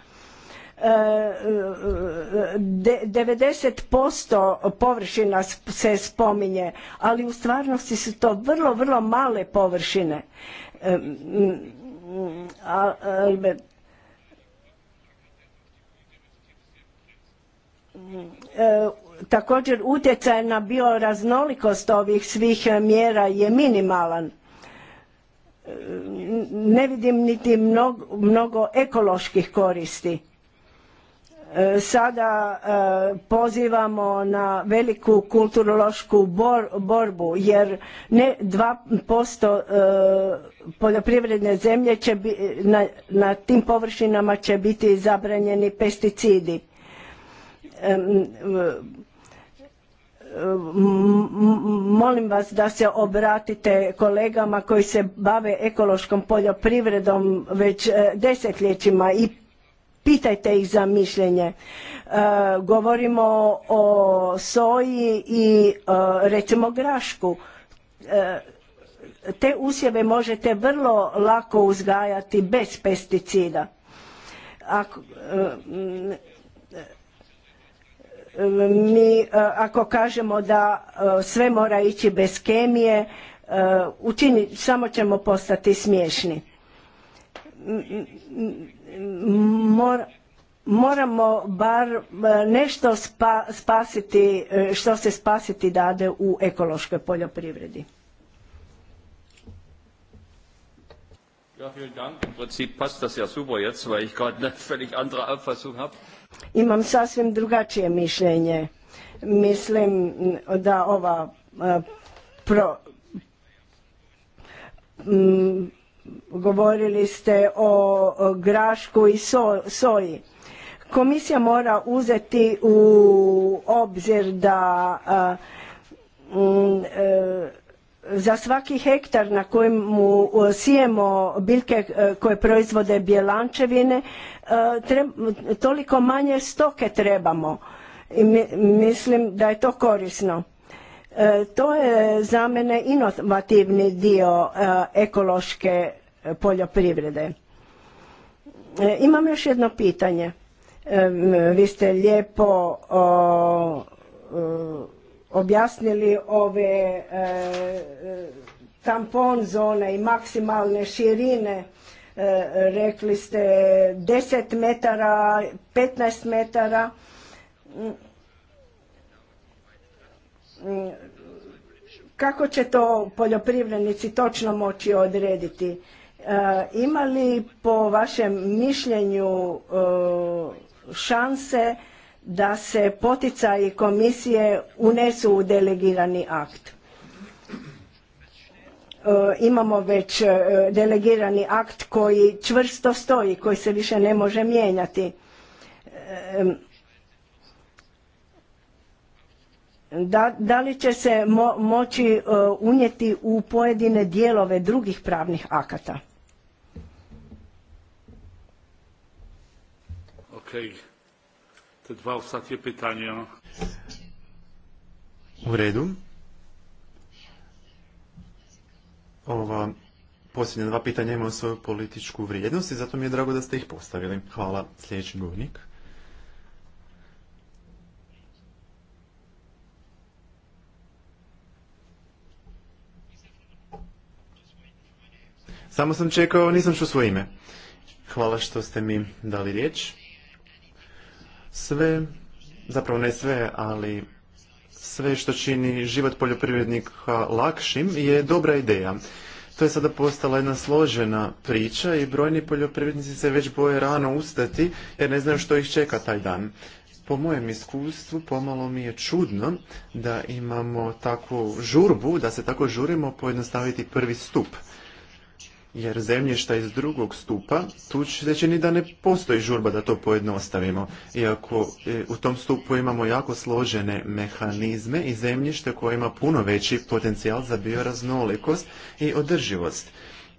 90% površina se spominje, ali u stvarnosti su to vrlo, vrlo male površine. također utjecaj na bioraznolikost ovih svih mjera je minimalan ne vidim niti mnogo, mnogo ekoloških koristi E, sada e, pozivamo na veliku kulturološku borbu jer ne 2% e, poljoprivredne zemlje će na, na tim površinama će biti zabranjeni pesticidi molim vas da se obratite kolegama koji se bave ekološkom poljoprivredom već desetljećima i pitajte ih za mišljenje. E, govorimo o soji i e, recimo grašku. E, te usjeve možete vrlo lako uzgajati bez pesticida. Ako, mi ako kažemo da sve mora ići bez kemije, učini, samo ćemo postati smiješni Mor, moramo bar e, nešto spasiti e, što se spasiti dade u ekološkoj poljoprivredi. Imam sasvim drugačije mišljenje. Mislim da ova e, pro, Govorili ste o grašku i soji. Komisija mora uzeti u obzir da e, za svaki hektar na kojem e, sijemo biljke e, koje proizvode bjelančevine, toliko manje stoke trebamo. I mislim da je to korisno E, to je za mene inovativni dio e, ekološke poljoprivrede. E, imam još jedno pitanje. Vi ste lijepo objasnili ove tampon zone i maksimalne širine. Rekli ste 10 metara, 15 metara kako će to poljoprivrednici točno moći odrediti? E, ima li po vašem mišljenju e, šanse da se poticaji komisije unesu u delegirani akt? E, imamo već delegirani akt koji čvrsto stoji, koji se više ne može mijenjati Da, li će se moći e, unijeti u pojedine dijelove drugih pravnih akata? Ok. Te dva U redu. Ova posljednja dva pitanja imaju svoju političku vrijednost i zato mi je drago da ste ih postavili. Hvala. Sljedeći govornik. Samo sam čekao, nisam čuo svoje ime. Hvala što ste mi dali riječ. Sve, zapravo ne sve, ali sve što čini život poljoprivrednika lakšim je dobra ideja. To je sada postala jedna složena priča i brojni poljoprivrednici se već boje rano ustati jer ne znaju što ih čeka taj dan. Po mojem iskustvu pomalo mi je čudno da imamo takvu žurbu, da se tako žurimo pojednostaviti prvi stup jer zemlješta iz drugog stupa, tu će ni da ne postoji žurba da to pojednostavimo. Iako e, u tom stupu imamo jako složene mehanizme i zemljište koje ima puno veći potencijal za bioraznolikost i održivost.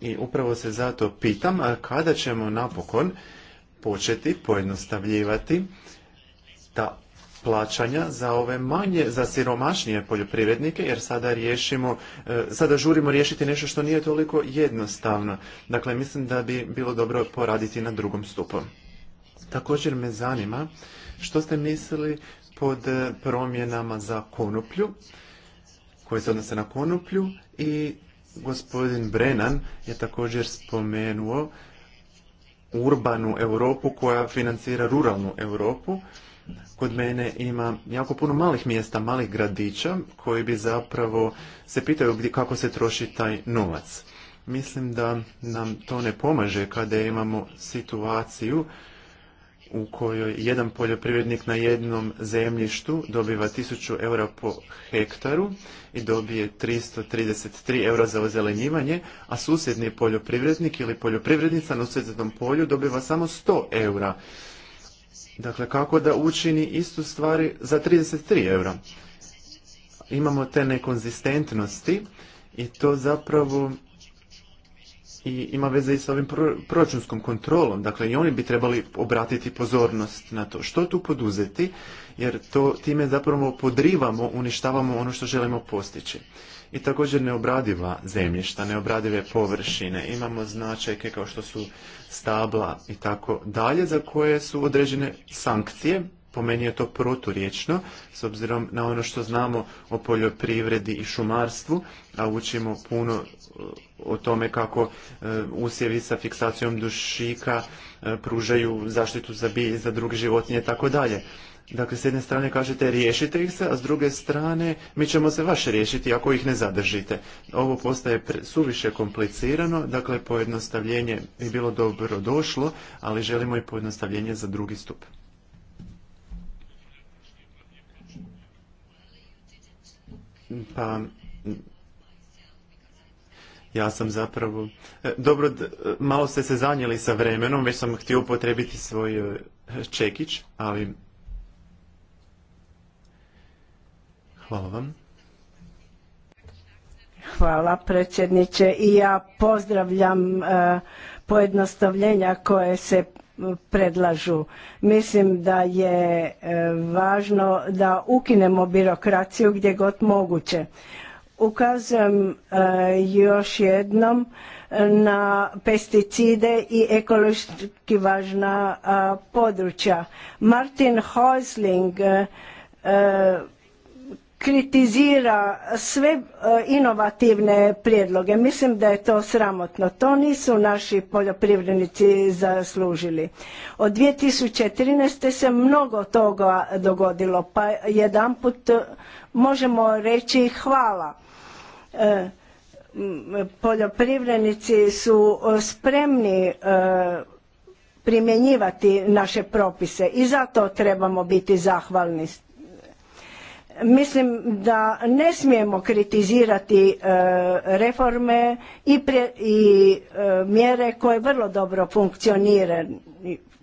I upravo se zato pitam a kada ćemo napokon početi pojednostavljivati ta plaćanja za ove manje, za siromašnije poljoprivrednike, jer sada riješimo, e, sada žurimo riješiti nešto što nije toliko jednostavno. Dakle, mislim da bi bilo dobro poraditi na drugom stupu. Također me zanima što ste mislili pod e, promjenama za konoplju, koje se odnose na konoplju i gospodin Brennan je također spomenuo urbanu Europu koja financira ruralnu Europu kod mene ima jako puno malih mjesta, malih gradića koji bi zapravo se pitaju gdje, kako se troši taj novac. Mislim da nam to ne pomaže kada imamo situaciju u kojoj jedan poljoprivrednik na jednom zemljištu dobiva 1000 eura po hektaru i dobije 333 eura za ozelenjivanje, a susjedni poljoprivrednik ili poljoprivrednica na susjednom polju dobiva samo 100 eura Dakle, kako da učini istu stvar za 33 eura? Imamo te nekonzistentnosti i to zapravo i ima veze i s ovim proračunskom kontrolom. Dakle, i oni bi trebali obratiti pozornost na to što tu poduzeti jer to time zapravo podrivamo, uništavamo ono što želimo postići. I također neobradiva zemljišta, neobradive površine, imamo značajke kao što su stabla i tako dalje, za koje su određene sankcije, po meni je to proturječno, s obzirom na ono što znamo o poljoprivredi i šumarstvu, a učimo puno e, o tome kako e, usjevi sa fiksacijom dušika e, pružaju zaštitu za bilje, za druge životinje i tako dalje. Dakle, s jedne strane kažete riješite ih se, a s druge strane mi ćemo se vaše riješiti ako ih ne zadržite. Ovo postaje suviše komplicirano, dakle pojednostavljenje bi bilo dobro došlo, ali želimo i pojednostavljenje za drugi stup. Pa, ja sam zapravo... E, dobro, malo ste se zanjeli sa vremenom, već sam htio upotrebiti svoj e, čekić, ali Hvala vam. predsjedniče i ja pozdravljam e, pojednostavljenja koje se predlažu. Mislim da je e, važno da ukinemo birokraciju gdje god moguće. Ukazujem e, još jednom na pesticide i ekološki važna područja. Martin Häusling kritizira sve e, inovativne prijedloge. Mislim da je to sramotno. To nisu naši poljoprivrednici zaslužili. Od 2013. se mnogo toga dogodilo, pa jedanput možemo reći hvala. E, poljoprivrednici su spremni e, primjenjivati naše propise i zato trebamo biti zahvalni Mislim da ne smijemo kritizirati e, reforme i, e, mjere koje vrlo dobro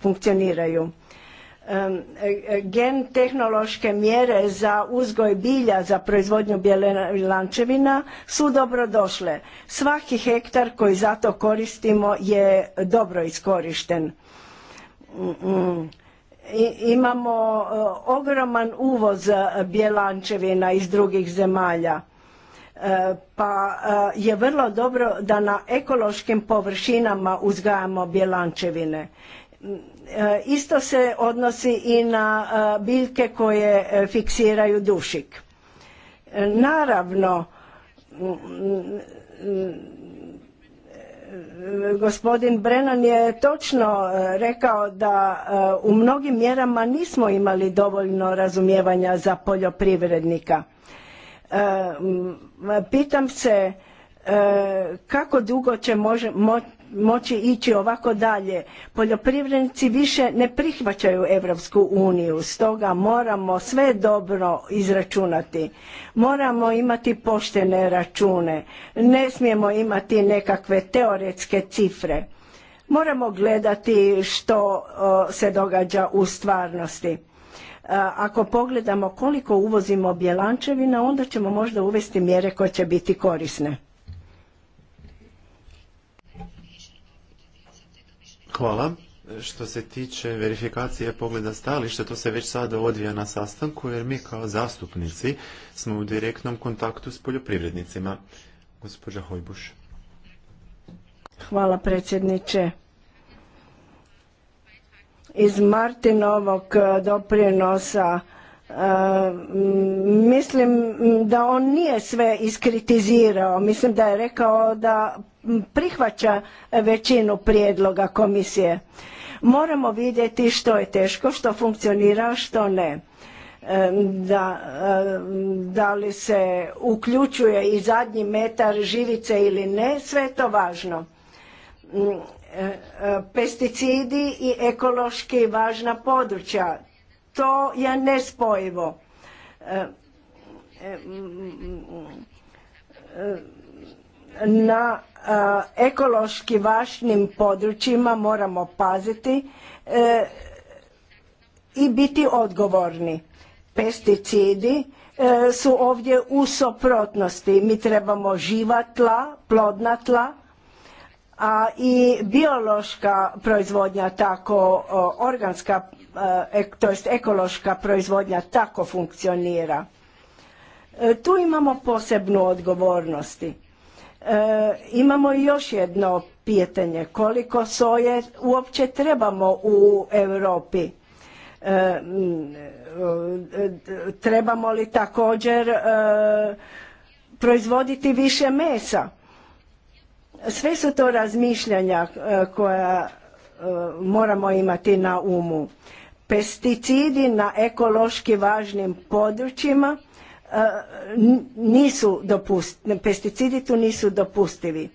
funkcioniraju. E, gen tehnološke mjere za uzgoj bilja za proizvodnju lančevina su dobro došle. Svaki hektar koji za to koristimo je dobro iskorišten. Mm, mm imamo e, ogroman uvoz e, bjelančevina iz drugih zemalja e, pa je vrlo dobro da na ekološkim površinama uzgajamo bjelančevine. Mm, isto se odnosi i na biljke koje fiksiraju dušik. Naravno, mm, mm, gospodin Brennan je točno e, rekao da e, u mnogim mjerama nismo imali dovoljno razumijevanja za poljoprivrednika. E, pitam se kako dugo će moći moći ići ovako dalje. Poljoprivrednici više ne prihvaćaju Europsku uniju, stoga moramo sve dobro izračunati. Moramo imati poštene račune, ne smijemo imati nekakve teoretske cifre. Moramo gledati što se događa u stvarnosti. Ako pogledamo koliko uvozimo bjelančevina, onda ćemo možda uvesti mjere koje će biti korisne. Hvala. Što se tiče verifikacije pogleda stajališta, to se već sada odvija na sastanku jer mi kao zastupnici smo u direktnom kontaktu s poljoprivrednicima. Gospođa Hojbuš. Hvala predsjedniče. Iz Martinovog e, doprinosa e, mislim da on nije sve iskritizirao. Mislim da je rekao da prihvaća većinu prijedloga komisije. Moramo vidjeti što je teško, što funkcionira, što ne. Da, da li se uključuje i zadnji metar živice ili ne, sve je to važno. Pesticidi i ekološki važna područja, to je nespojivo. Na E, ekološki važnim područjima moramo paziti e, i biti odgovorni. Pesticidi e, su ovdje u soprotnosti. Mi trebamo živa tla, plodna tla, a i biološka proizvodnja tako, organska, to jest ekološka proizvodnja tako funkcionira. Tu imamo posebnu odgovornosti E, imamo i još jedno pitanje, koliko soje uopće trebamo u Europi? E, e, trebamo li također proizvoditi više mesa? Sve su to razmišljanja koja moramo imati na umu. Pesticidi na ekološki važnim područjima nisu pesticidi tu nisu dopustivi.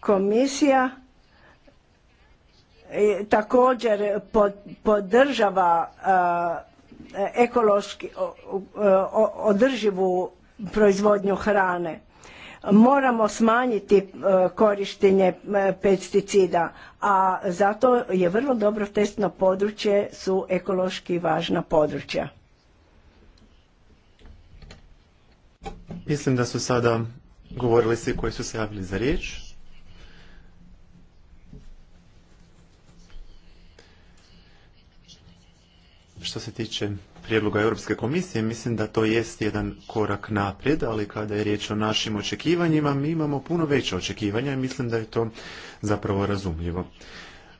Komisija e, također podržava e, ekološki održivu proizvodnju hrane Moramo smanjiti e, korištenje e, pesticida, a zato je vrlo dobro testno područje su ekološki važna područja. Mislim da su sada govorili svi koji su se javili za riječ. Što se tiče prijedloga Europske komisije, mislim da to jest jedan korak naprijed, ali kada je riječ o našim očekivanjima, mi imamo puno veće očekivanja i mislim da je to zapravo razumljivo.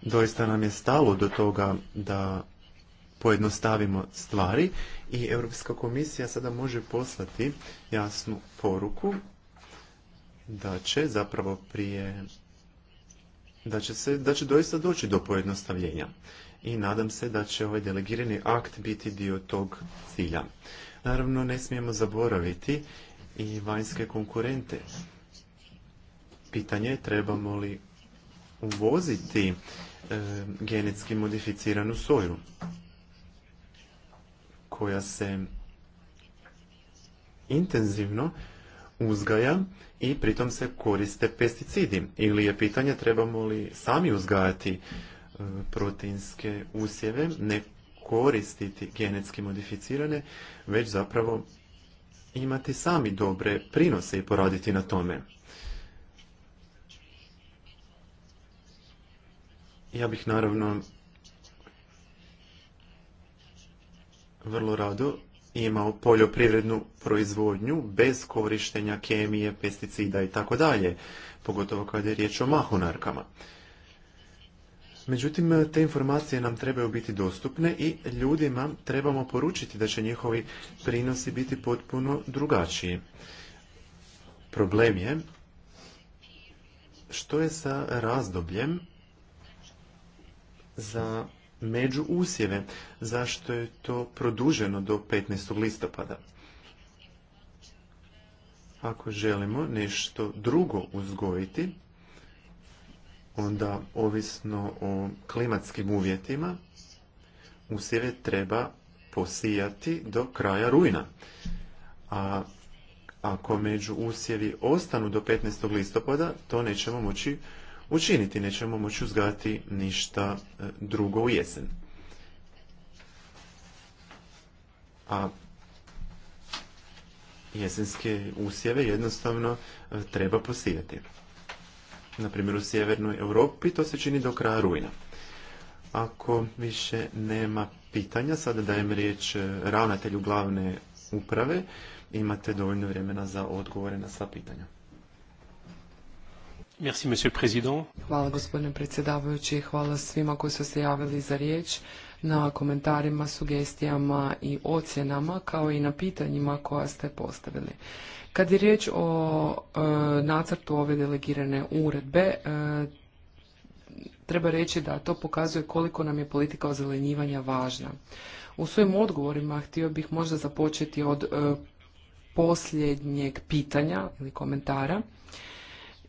Doista nam je stalo do toga da pojednostavimo stvari i Europska komisija sada može poslati jasnu poruku da će zapravo prije da će, se, da će doista doći do pojednostavljenja i nadam se da će ovaj delegirani akt biti dio tog cilja. Naravno, ne smijemo zaboraviti i vanjske konkurente. Pitanje je trebamo li uvoziti e, genetski modificiranu soju koja se intenzivno uzgaja i pritom se koriste pesticidi. Ili je pitanje trebamo li sami uzgajati proteinske usjeve, ne koristiti genetski modificirane, već zapravo imati sami dobre prinose i poraditi na tome. Ja bih naravno vrlo rado imao poljoprivrednu proizvodnju bez korištenja kemije, pesticida i tako dalje, pogotovo kada je riječ o mahunarkama. Međutim, te informacije nam trebaju biti dostupne i ljudima trebamo poručiti da će njihovi prinosi biti potpuno drugačiji. Problem je što je sa razdobljem za među usjeve, zašto je to produženo do 15. listopada. Ako želimo nešto drugo uzgojiti, onda ovisno o klimatskim uvjetima usjeve treba posijati do kraja rujna. A ako među usjevi ostanu do 15. listopada, to nećemo moći učiniti, nećemo moći uzgati ništa e, drugo u jesen. A jesenske usjeve jednostavno e, treba posijati na primjer u sjevernoj Europi, to se čini do kraja rujna. Ako više nema pitanja, sada dajem riječ e, ravnatelju glavne uprave. Imate dovoljno vremena za odgovore na sva pitanja. Merci, monsieur Hvala gospodine predsjedavajući, hvala svima koji su se javili za riječ na komentarima, sugestijama i ocjenama kao i na pitanjima koja ste postavili. Kad je riječ o e, nacrtu ove delegirane uredbe, e, treba reći da to pokazuje koliko nam je politika ozelenjivanja važna. U svojim odgovorima htio bih možda započeti od e, posljednjeg pitanja ili komentara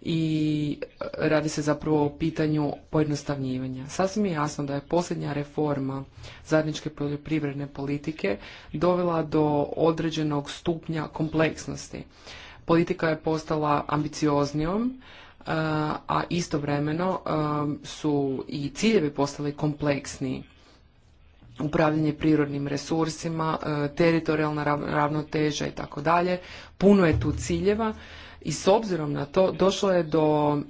i radi se zapravo o pitanju pojednostavljivanja. Sasvim je jasno da je posljednja reforma zajedničke poljoprivredne politike dovela do određenog stupnja kompleksnosti. Politika je postala ambicioznijom, e, a istovremeno e, su i ciljevi postali kompleksniji upravljanje prirodnim resursima, e, teritorijalna ravnoteža i tako dalje. Puno je tu ciljeva i s obzirom na to došlo je do um,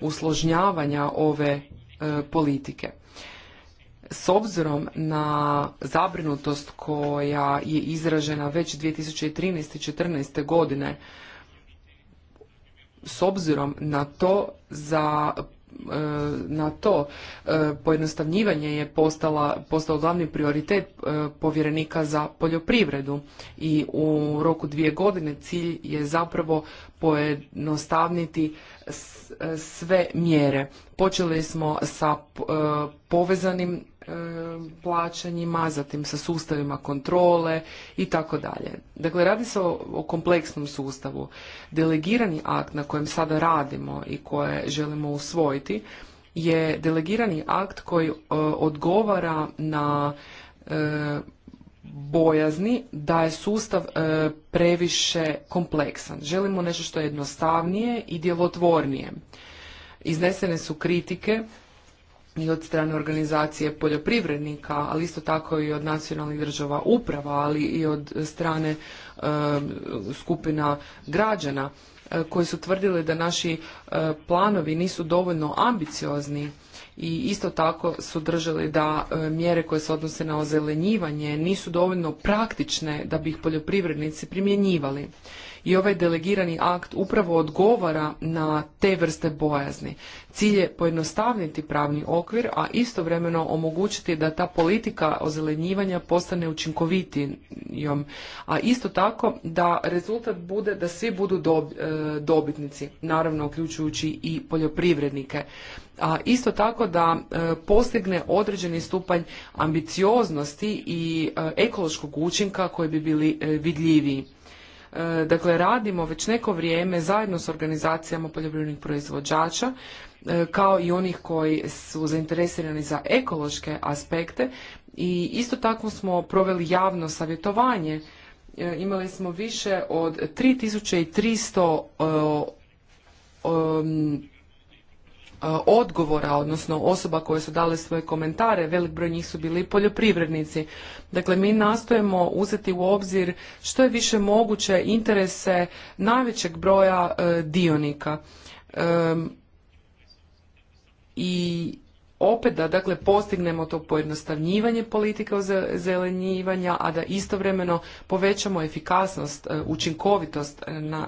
usložnjavanja ove e, politike. S obzirom na zabrinutost koja je izražena već 2013. i 2014. godine, s obzirom na to za E, na to. E, pojednostavnjivanje je postala, postao glavni prioritet e, povjerenika za poljoprivredu i u roku dvije godine cilj je zapravo pojednostavniti sve mjere. Počeli smo sa povezanim E, plaćanjima, zatim sa sustavima kontrole i tako dalje. Dakle, radi se o, kompleksnom sustavu. Delegirani akt na kojem sada radimo i koje želimo usvojiti je delegirani akt koji e, odgovara na e, bojazni da je sustav previše kompleksan. Želimo nešto što je jednostavnije i djelotvornije. Iznesene su kritike i od strane organizacije poljoprivrednika, ali isto tako i od nacionalnih država uprava, ali i od strane skupina građana e, koji su tvrdili da naši e, planovi nisu dovoljno ambiciozni i isto tako su držali da e, mjere koje se odnose na ozelenjivanje nisu dovoljno praktične da bi ih poljoprivrednici primjenjivali i ovaj delegirani akt upravo odgovara na te vrste bojazni. Cilj je pojednostavniti pravni okvir, a istovremeno omogućiti da ta politika ozelenjivanja postane učinkovitijom, a isto tako da rezultat bude da svi budu e, dobitnici, naravno uključujući i poljoprivrednike. A isto tako da e, postigne određeni stupanj ambicioznosti i e, ekološkog učinka koji bi bili vidljiviji. E, dakle, radimo već neko vrijeme zajedno s organizacijama poljoprivrednih proizvođača e, kao i onih koji su zainteresirani za ekološke aspekte i isto tako smo proveli javno savjetovanje. E, imali smo više od 3300 E, odgovora, odnosno osoba koje su dale svoje komentare, velik broj njih su bili poljoprivrednici. Dakle, mi nastojimo uzeti u obzir što je više moguće interese najvećeg broja e, dionika. I opet da dakle postignemo to pojednostavnjivanje politike ozelenjivanja, a da istovremeno povećamo efikasnost, e, učinkovitost na,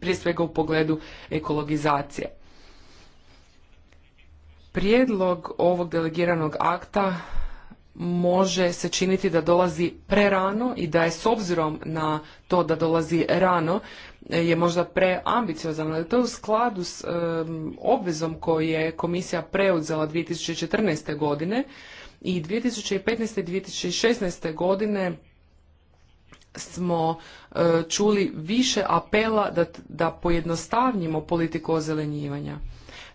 prije svega u pogledu ekologizacije. Prijedlog ovog delegiranog akta može se činiti da dolazi prerano i da je s obzirom na to da dolazi rano e, je možda preambiciozan, ali to je u skladu s obvezom koju je komisija preuzela 2014. godine i 2015. i 2016. godine smo e, čuli više apela da, da pojednostavnimo politiku ozelenjivanja.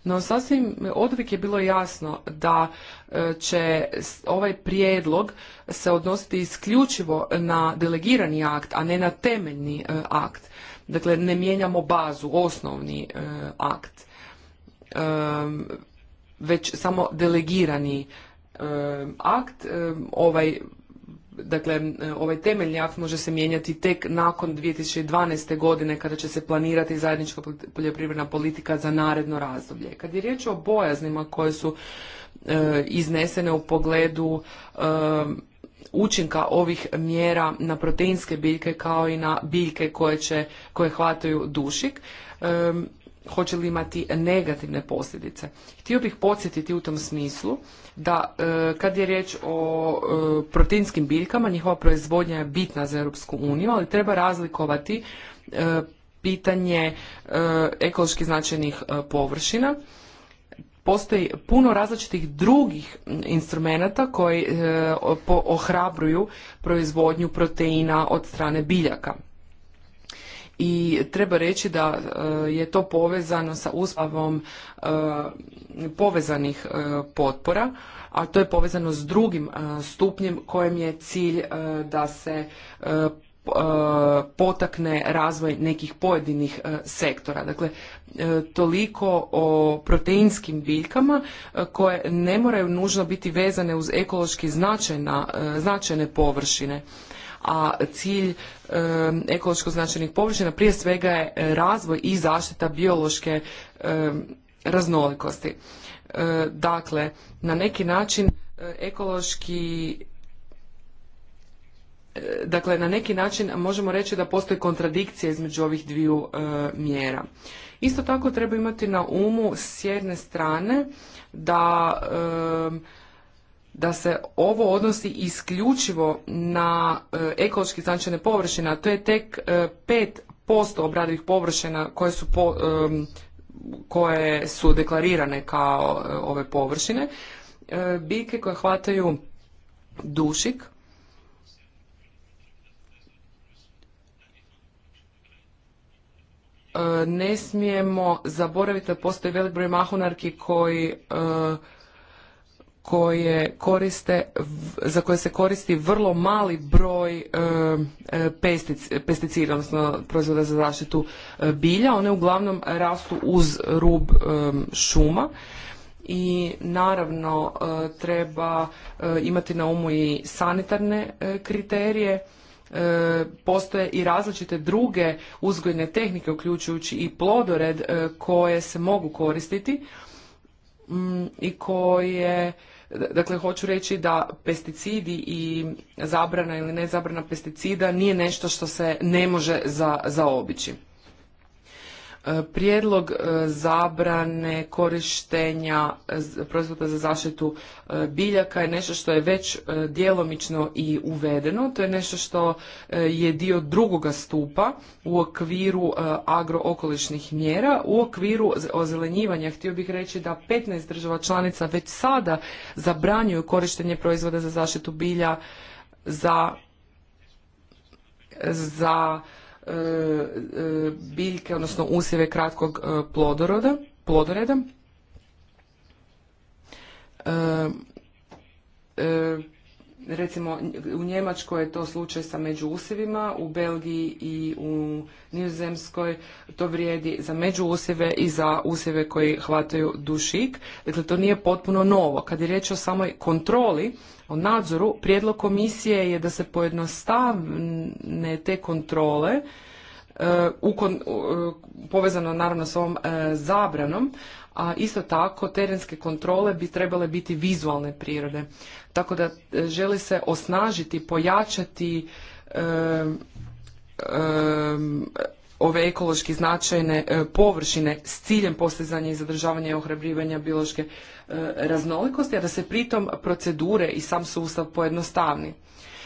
No sasvim odvijek je bilo jasno da e, će ovaj prijedlog se odnositi isključivo na delegirani akt, a ne na temeljni e, akt. Dakle, ne mijenjamo bazu, osnovni e, akt, već samo delegirani akt, ovaj dakle e, ovaj temeljni akt može se mijenjati tek nakon 2012. godine kada će se planirati zajednička poljoprivredna politika za naredno razdoblje. Kad je riječ o bojaznima koje su e, iznesene u pogledu e, učinka ovih mjera na proteinske biljke kao i na biljke koje, će, koje hvataju dušik, hoće li imati negativne posljedice. Htio bih podsjetiti u tom smislu da e, kad je riječ o e, proteinskim biljkama, njihova proizvodnja je bitna za Europsku uniju, ali treba razlikovati e, pitanje ekološki značajnih površina. Postoji puno različitih drugih instrumenata koji ohrabruju proizvodnju proteina od strane biljaka i treba reći da e, je to povezano sa uspostavom e, povezanih e, potpora, a to je povezano s drugim stupnjem kojem je cilj da se potakne razvoj nekih pojedinih sektora. Dakle, toliko o proteinskim biljkama koje ne moraju nužno biti vezane uz ekološki značajne površine a cilj ekološko značajnih površina prije svega je e, razvoj i zaštita biološke raznolikosti. E, dakle, na neki način e, ekološki dakle na neki način možemo reći da postoji kontradikcija između ovih dviju mjera. Isto tako treba imati na umu s jedne strane da da se ovo odnosi isključivo na e, ekološki značajne površine, a to je tek 5% e, obradivih površina koje su po, e, koje su deklarirane kao ove površine. Biljke koje hvataju dušik ne smijemo zaboraviti da postoji velik broj mahunarki koji koje koriste, za koje se koristi vrlo mali broj e, e, pesticida, odnosno proizvoda za zaštitu e, bilja. One uglavnom rastu uz rub šuma i naravno treba imati na umu i sanitarne kriterije. Postoje i različite druge uzgojne tehnike, uključujući i plodored koje se mogu koristiti mm, i koje Dakle, hoću reći da pesticidi i zabrana ili nezabrana pesticida nije nešto što se ne može zaobići. E, prijedlog e, zabrane korištenja e, proizvoda za zaštitu biljaka je nešto što je već djelomično i uvedeno. To je nešto što je dio drugoga stupa u okviru agrookolišnih mjera. U okviru ozelenjivanja htio bih reći da 15 država članica već sada zabranjuju korištenje proizvoda za zaštitu bilja za za E, e, biljke, odnosno usjeve kratkog e, plodoroda, plodoreda recimo u Njemačkoj je to slučaj sa međuusjevima, u Belgiji i u Nizozemskoj to vrijedi za međuusjeve i za usjeve koji hvataju dušik. Dakle, to nije potpuno novo. Kad je riječ o samoj kontroli, o nadzoru, prijedlog komisije je da se pojednostavne te kontrole, e, e, povezano naravno s ovom e, zabranom, a isto tako terenske kontrole bi trebale biti vizualne prirode. Tako da e, želi se osnažiti, pojačati e, e, ove ekološki značajne površine s ciljem postizanja i zadržavanja i ohrabrivanja biološke raznolikosti, a da se pritom procedure i sam sustav pojednostavni.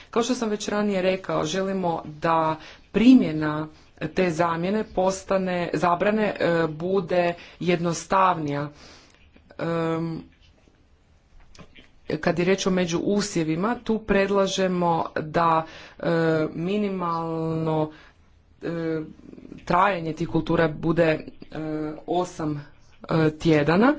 Kao što sam već ranije rekao, želimo da primjena te zamjene postane, zabrane e, bude jednostavnija. Kad je reč o među usjevima, tu predlažemo da e, minimalno e, trajanje tih kultura bude 8 tjedana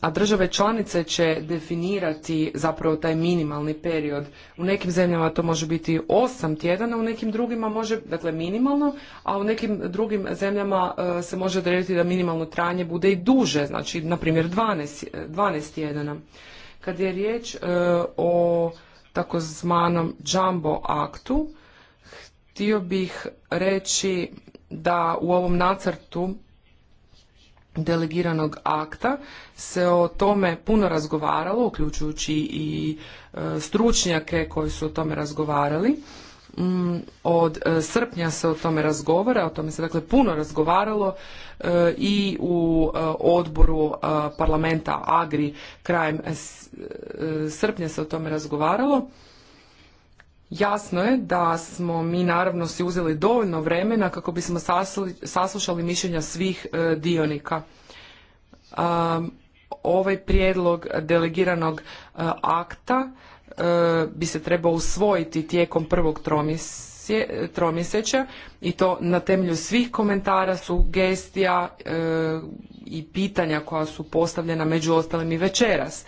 a države članice će definirati zapravo taj minimalni period. U nekim zemljama to može biti osam tjedana, u nekim drugima može, dakle minimalno, a u nekim drugim zemljama e, se može odrediti da minimalno trajanje bude i duže, znači na primjer 12, e, tjedana. Kad je riječ e, o takozvanom jumbo aktu, htio bih reći da u ovom nacrtu delegiranog akta se o tome puno razgovaralo, uključujući i e, stručnjake koji su o tome razgovarali. Mm, od e, srpnja se o tome razgovara, o tome se dakle puno razgovaralo e, i u odboru parlamenta Agri krajem srpnja se o tome razgovaralo. Jasno je da smo mi naravno si uzeli dovoljno vremena kako bismo saslušali mišljenja svih e, dionika. ovaj prijedlog delegiranog e, akta e, bi se trebao usvojiti tijekom prvog tromjesečja i to na temelju svih komentara, sugestija i pitanja koja su postavljena među ostalim i večeras.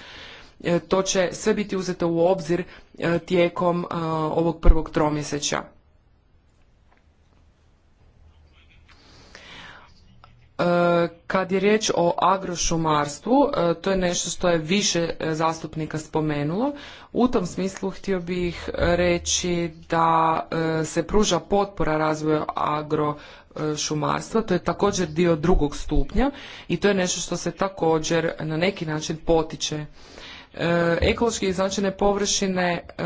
E, to će sve biti uzeto u obzir e, tijekom e, ovog prvog tromjeseća. Kad je riječ o agrošumarstvu, to je nešto što je više zastupnika spomenulo. U tom smislu htio bih reći da se pruža potpora razvoju agrošumarstva. To je također dio drugog stupnja i to je nešto što se također na neki način potiče E, ekološki značajne površine e,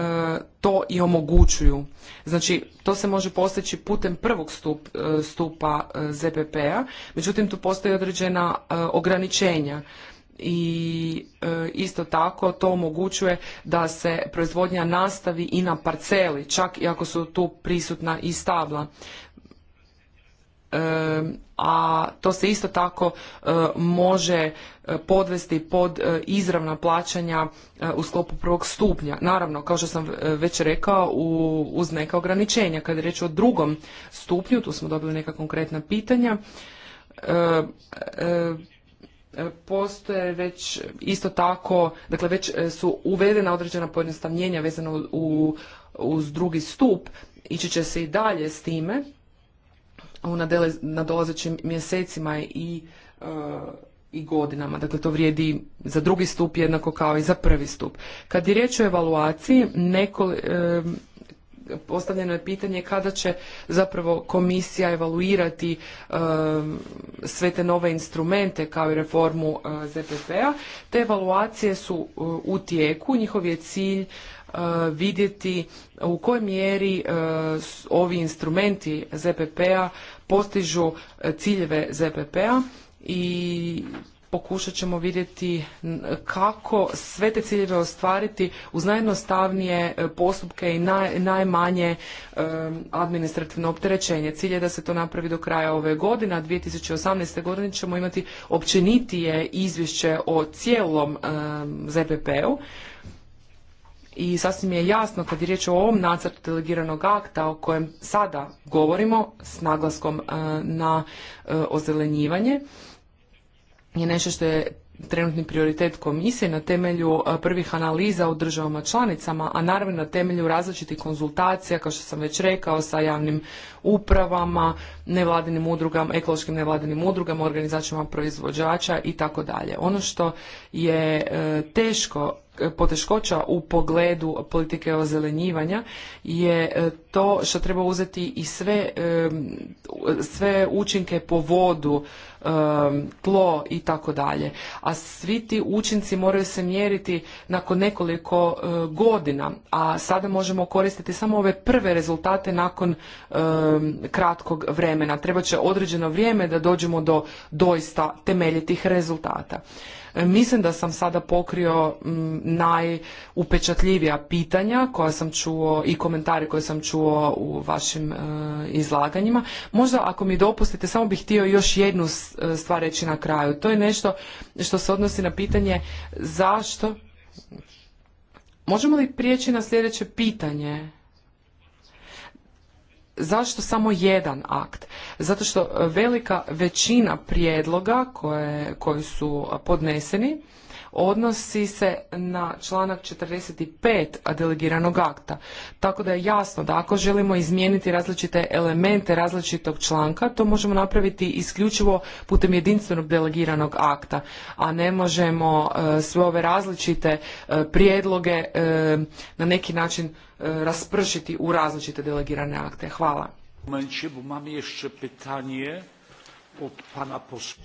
to i omogućuju. Znači, to se može postići putem prvog stup, e, stupa ZPP-a, međutim tu postoje određena ograničenja i isto tako to omogućuje da se proizvodnja nastavi i na parceli, čak i ako su tu prisutna i stabla a to se isto tako e, može e, podvesti pod e, izravna plaćanja u sklopu prvog stupnja. Naravno, kao što sam već rekao, uz neka ograničenja. Kad je reč o drugom stupnju, tu smo dobili neka konkretna pitanja, postoje već isto tako, dakle već su uvedena određena pojednostavljenja vezana uz drugi stup, ići će se i dalje s time, u nadolazećim mjesecima i, e, i godinama. Dakle, to vrijedi za drugi stup jednako kao i za prvi stup. Kad je riječ o evaluaciji, neko, e, postavljeno je pitanje kada će zapravo komisija evaluirati e, sve te nove instrumente kao i reformu ZPP-a. Te evaluacije su u tijeku, njihov je cilj Eh, vidjeti u kojoj mjeri eh, ovi instrumenti ZPP-a postižu eh, ciljeve ZPP-a i pokušat ćemo vidjeti kako sve te ciljeve ostvariti uz najjednostavnije postupke i najmanje administrativno opterećenje. Cilj je da se to napravi do kraja ove godine, a 2018. godine ćemo imati općenitije izvješće o cijelom um, ZPP-u i sasvim je jasno kad je riječ o ovom nacrtu delegiranog akta o kojem sada govorimo s naglaskom e, na e, ozelenjivanje je nešto što je trenutni prioritet komisije na temelju e, prvih analiza u državama članicama, a naravno na temelju različitih konzultacija, kao što sam već rekao, sa javnim upravama, nevladinim udrugama, ekološkim nevladinim udrugama, organizacijama proizvođača i tako dalje. Ono što je teško poteškoća u pogledu politike ozelenjivanja je e, to što treba uzeti i sve, e, učinke po vodu, e, tlo i tako dalje. A svi ti učinci moraju se mjeriti nakon nekoliko godina, a sada možemo koristiti samo ove prve rezultate nakon kratkog vremena. Treba će određeno vrijeme da dođemo do doista temeljitih rezultata. E, mislim da sam sada pokrio najupečatljivija pitanja koja sam čuo i komentare koje sam čuo u vašim e, izlaganjima. Možda ako mi dopustite, samo bih htio još jednu e, stvar reći na kraju. To je nešto što se odnosi na pitanje zašto... Možemo li prijeći na sljedeće pitanje? Zašto samo jedan akt? Zato što velika većina prijedloga koje, koji su podneseni odnosi se na članak 45 delegiranog akta. Tako da je jasno da ako želimo izmijeniti različite elemente različitog članka, to možemo napraviti isključivo putem jedinstvenog delegiranog akta, a ne možemo e, sve ove različite e, prijedloge e, na neki način raspršiti u različite delegirane akte. Hvala. Momencie, mam jeszcze pytanie od pana posła.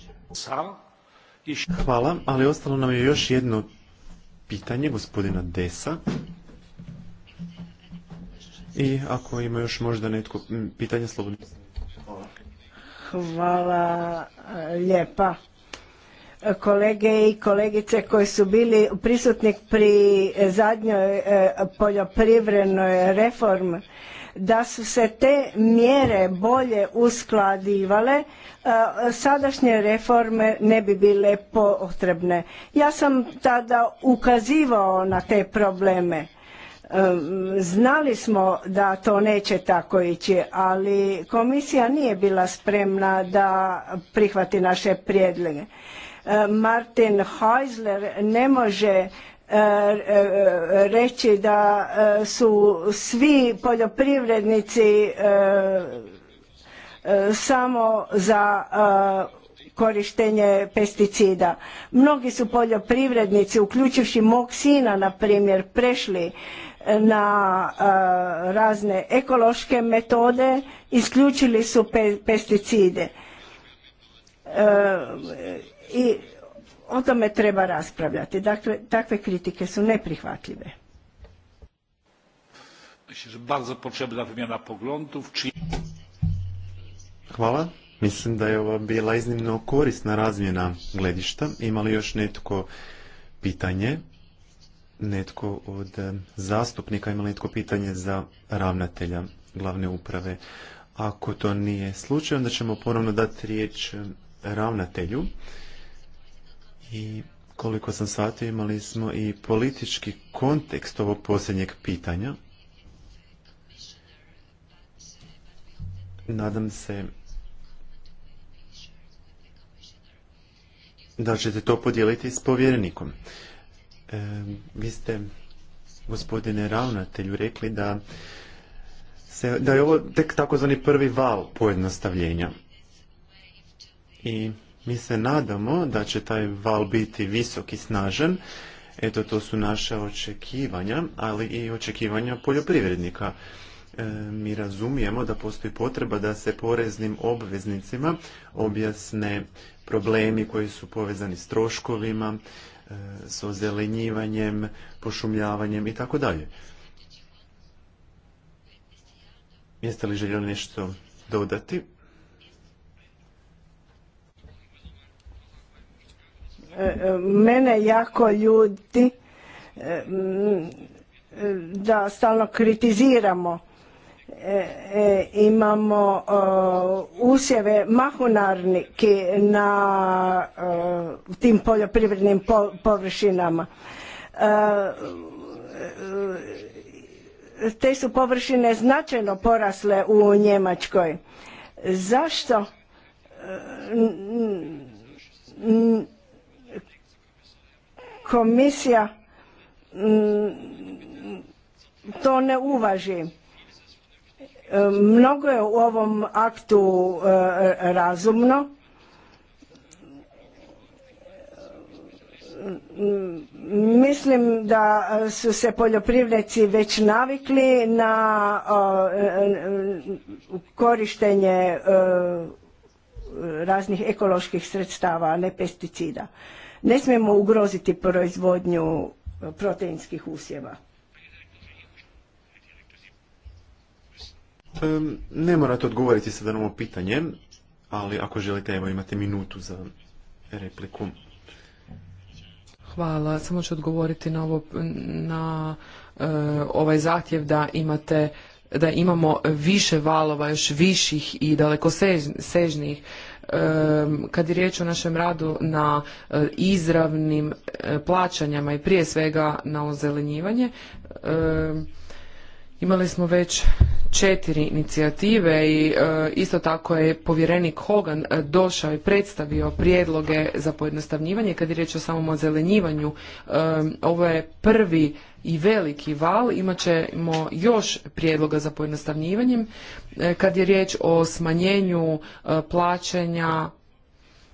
Hvala, ali ostalo nam je još jedno pitanje gospodina Desa. I ako ima još možda netko pitanje, slobodno. Hvala. E, lijepa. Kolege i kolegice koji su bili prisutni pri e, zadnjoj e, poljoprivrednoj reformi, da su se te mjere bolje uskladivale, e, sadašnje reforme ne bi bile potrebne. Ja sam tada ukazivao na te probleme. E, znali smo da to neće tako ići, ali komisija nije bila spremna da prihvati naše prijedloge. E, Martin Heusler ne može E, e, reći da e, su svi poljoprivrednici samo za korištenje pesticida. Mnogi su poljoprivrednici, uključivši mog sina, na primjer, prešli na razne ekološke metode, isključili su pesticide. I o tome treba raspravljati. Dakle, takve kritike su neprihvatljive. Hvala. Mislim da je ova bila iznimno korisna razmjena gledišta. Ima li još netko pitanje? Netko od eh, zastupnika ima li netko pitanje za ravnatelja glavne uprave? Ako to nije slučaj, onda ćemo ponovno dati riječ eh, ravnatelju. I koliko sam shvatio imali smo i politički kontekst ovog posljednjeg pitanja. Nadam se da ćete to podijeliti s povjerenikom. E, vi ste, gospodine ravnatelju, rekli da, se, da je ovo tek takozvani prvi val pojednostavljenja. I mi se nadamo da će taj val biti visok i snažan. Eto, to su naša očekivanja, ali i očekivanja poljoprivrednika. E, mi razumijemo da postoji potreba da se poreznim obveznicima objasne problemi koji su povezani s troškovima, e, s ozelenjivanjem, pošumljavanjem i tako dalje. Jeste li željeli nešto dodati? mene jako ljudi eh, da stalno kritiziramo eh, eh, imamo usjeve mahunarniki na tim poljoprivrednim površinama te su površine značajno porasle u Njemačkoj zašto komisija mm, to ne uvaži. E, mnogo je u ovom aktu e, razumno. Mislim da su se poljoprivrednici već navikli na korištenje e, raznih ekoloških sredstava, a ne pesticida. Ne smijemo ugroziti proizvodnju e, proteinskih usjeva. Ne morate odgovoriti sada na ovo pitanje, ali ako želite, evo imate minutu za repliku. Hvala. Samo ću odgovoriti na ovo, na e, ovaj zahtjev da imate da imamo više valova, još viših i daleko sežnijih kad je riječ o našem radu na e, izravnim e, plaćanjama i prije svega na ozelenjivanje, imali smo već četiri inicijative i e, isto tako je povjerenik Hogan došao i predstavio prijedloge za pojednostavnjivanje. Kad je riječ o samom ozelenjivanju, ovo je prvi i veliki val, imat ćemo još prijedloga za pojednostavnjivanjem e, kad je riječ o smanjenju e, plaćanja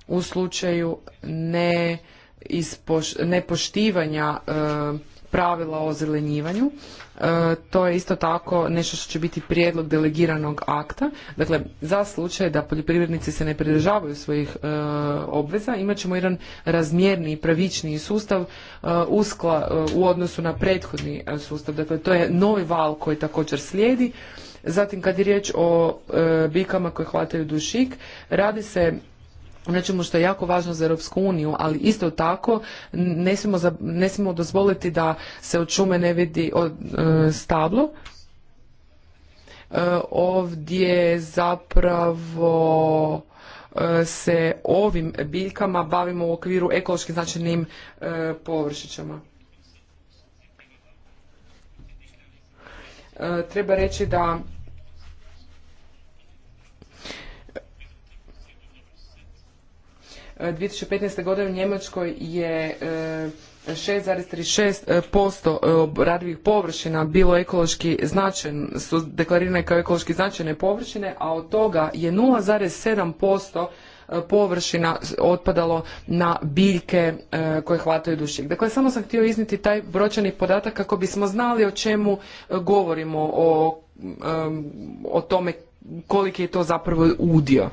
u slučaju nepoštivanja e, pravila o ozelenjivanju. E, to je isto tako nešto što će biti prijedlog delegiranog akta. Dakle, za slučaj da poljoprivrednici se ne pridržavaju svojih e, obveza, imat ćemo jedan razmjerniji, pravični sustav e, uskla u odnosu na prethodni sustav. Dakle, to je novi val koji također slijedi. Zatim, kad je riječ o bikama koje hvataju dušik, radi se nečemu što je jako važno za Europsku uniju, ali isto tako ne smijemo, dozvoliti da se od šume ne vidi od, e, stablo. E, ovdje zapravo e, se ovim biljkama bavimo u okviru ekološki značajnim površićama. Treba reći da 2015. godine u Njemačkoj je 6,36% e, e, radivih površina bilo ekološki značajno, su deklarirane kao ekološki značajne površine, a od toga je 0,7% e, površina otpadalo na biljke koje hvataju dušik. Dakle, samo sam htio izniti taj broćani podatak kako bismo znali o čemu govorimo, o, o tome koliki je to zapravo udio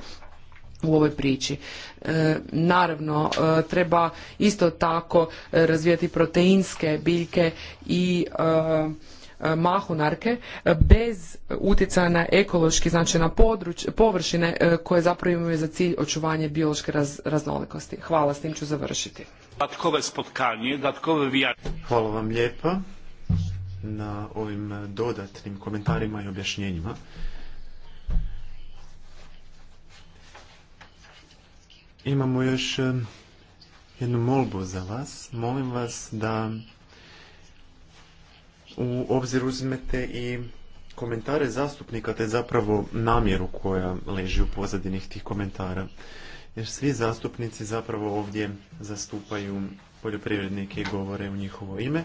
u ovoj priči. E, naravno, e, treba isto tako razvijati proteinske biljke i e, mahunarke bez utjecaja na ekološki znači na povrine površine koje zapravo imaju za cilj očuvanje biološke raznolikosti. Hvala, s tim ću završiti. Hvala vam lijepa na ovim dodatnim komentarima i objašnjenjima. Imamo još jednu molbu za vas. Molim vas da u obzir uzmete i komentare zastupnika, te zapravo namjeru koja leži u pozadini tih komentara. Jer svi zastupnici zapravo ovdje zastupaju poljoprivrednike i govore u njihovo ime.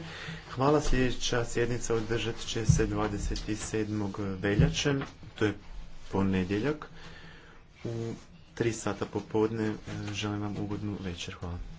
Hvala, sljedeća sjednica održat će se 27. veljače, to je ponedjeljak, u 3 sata popodne. E, želim vam ugodnu večer. Hvala.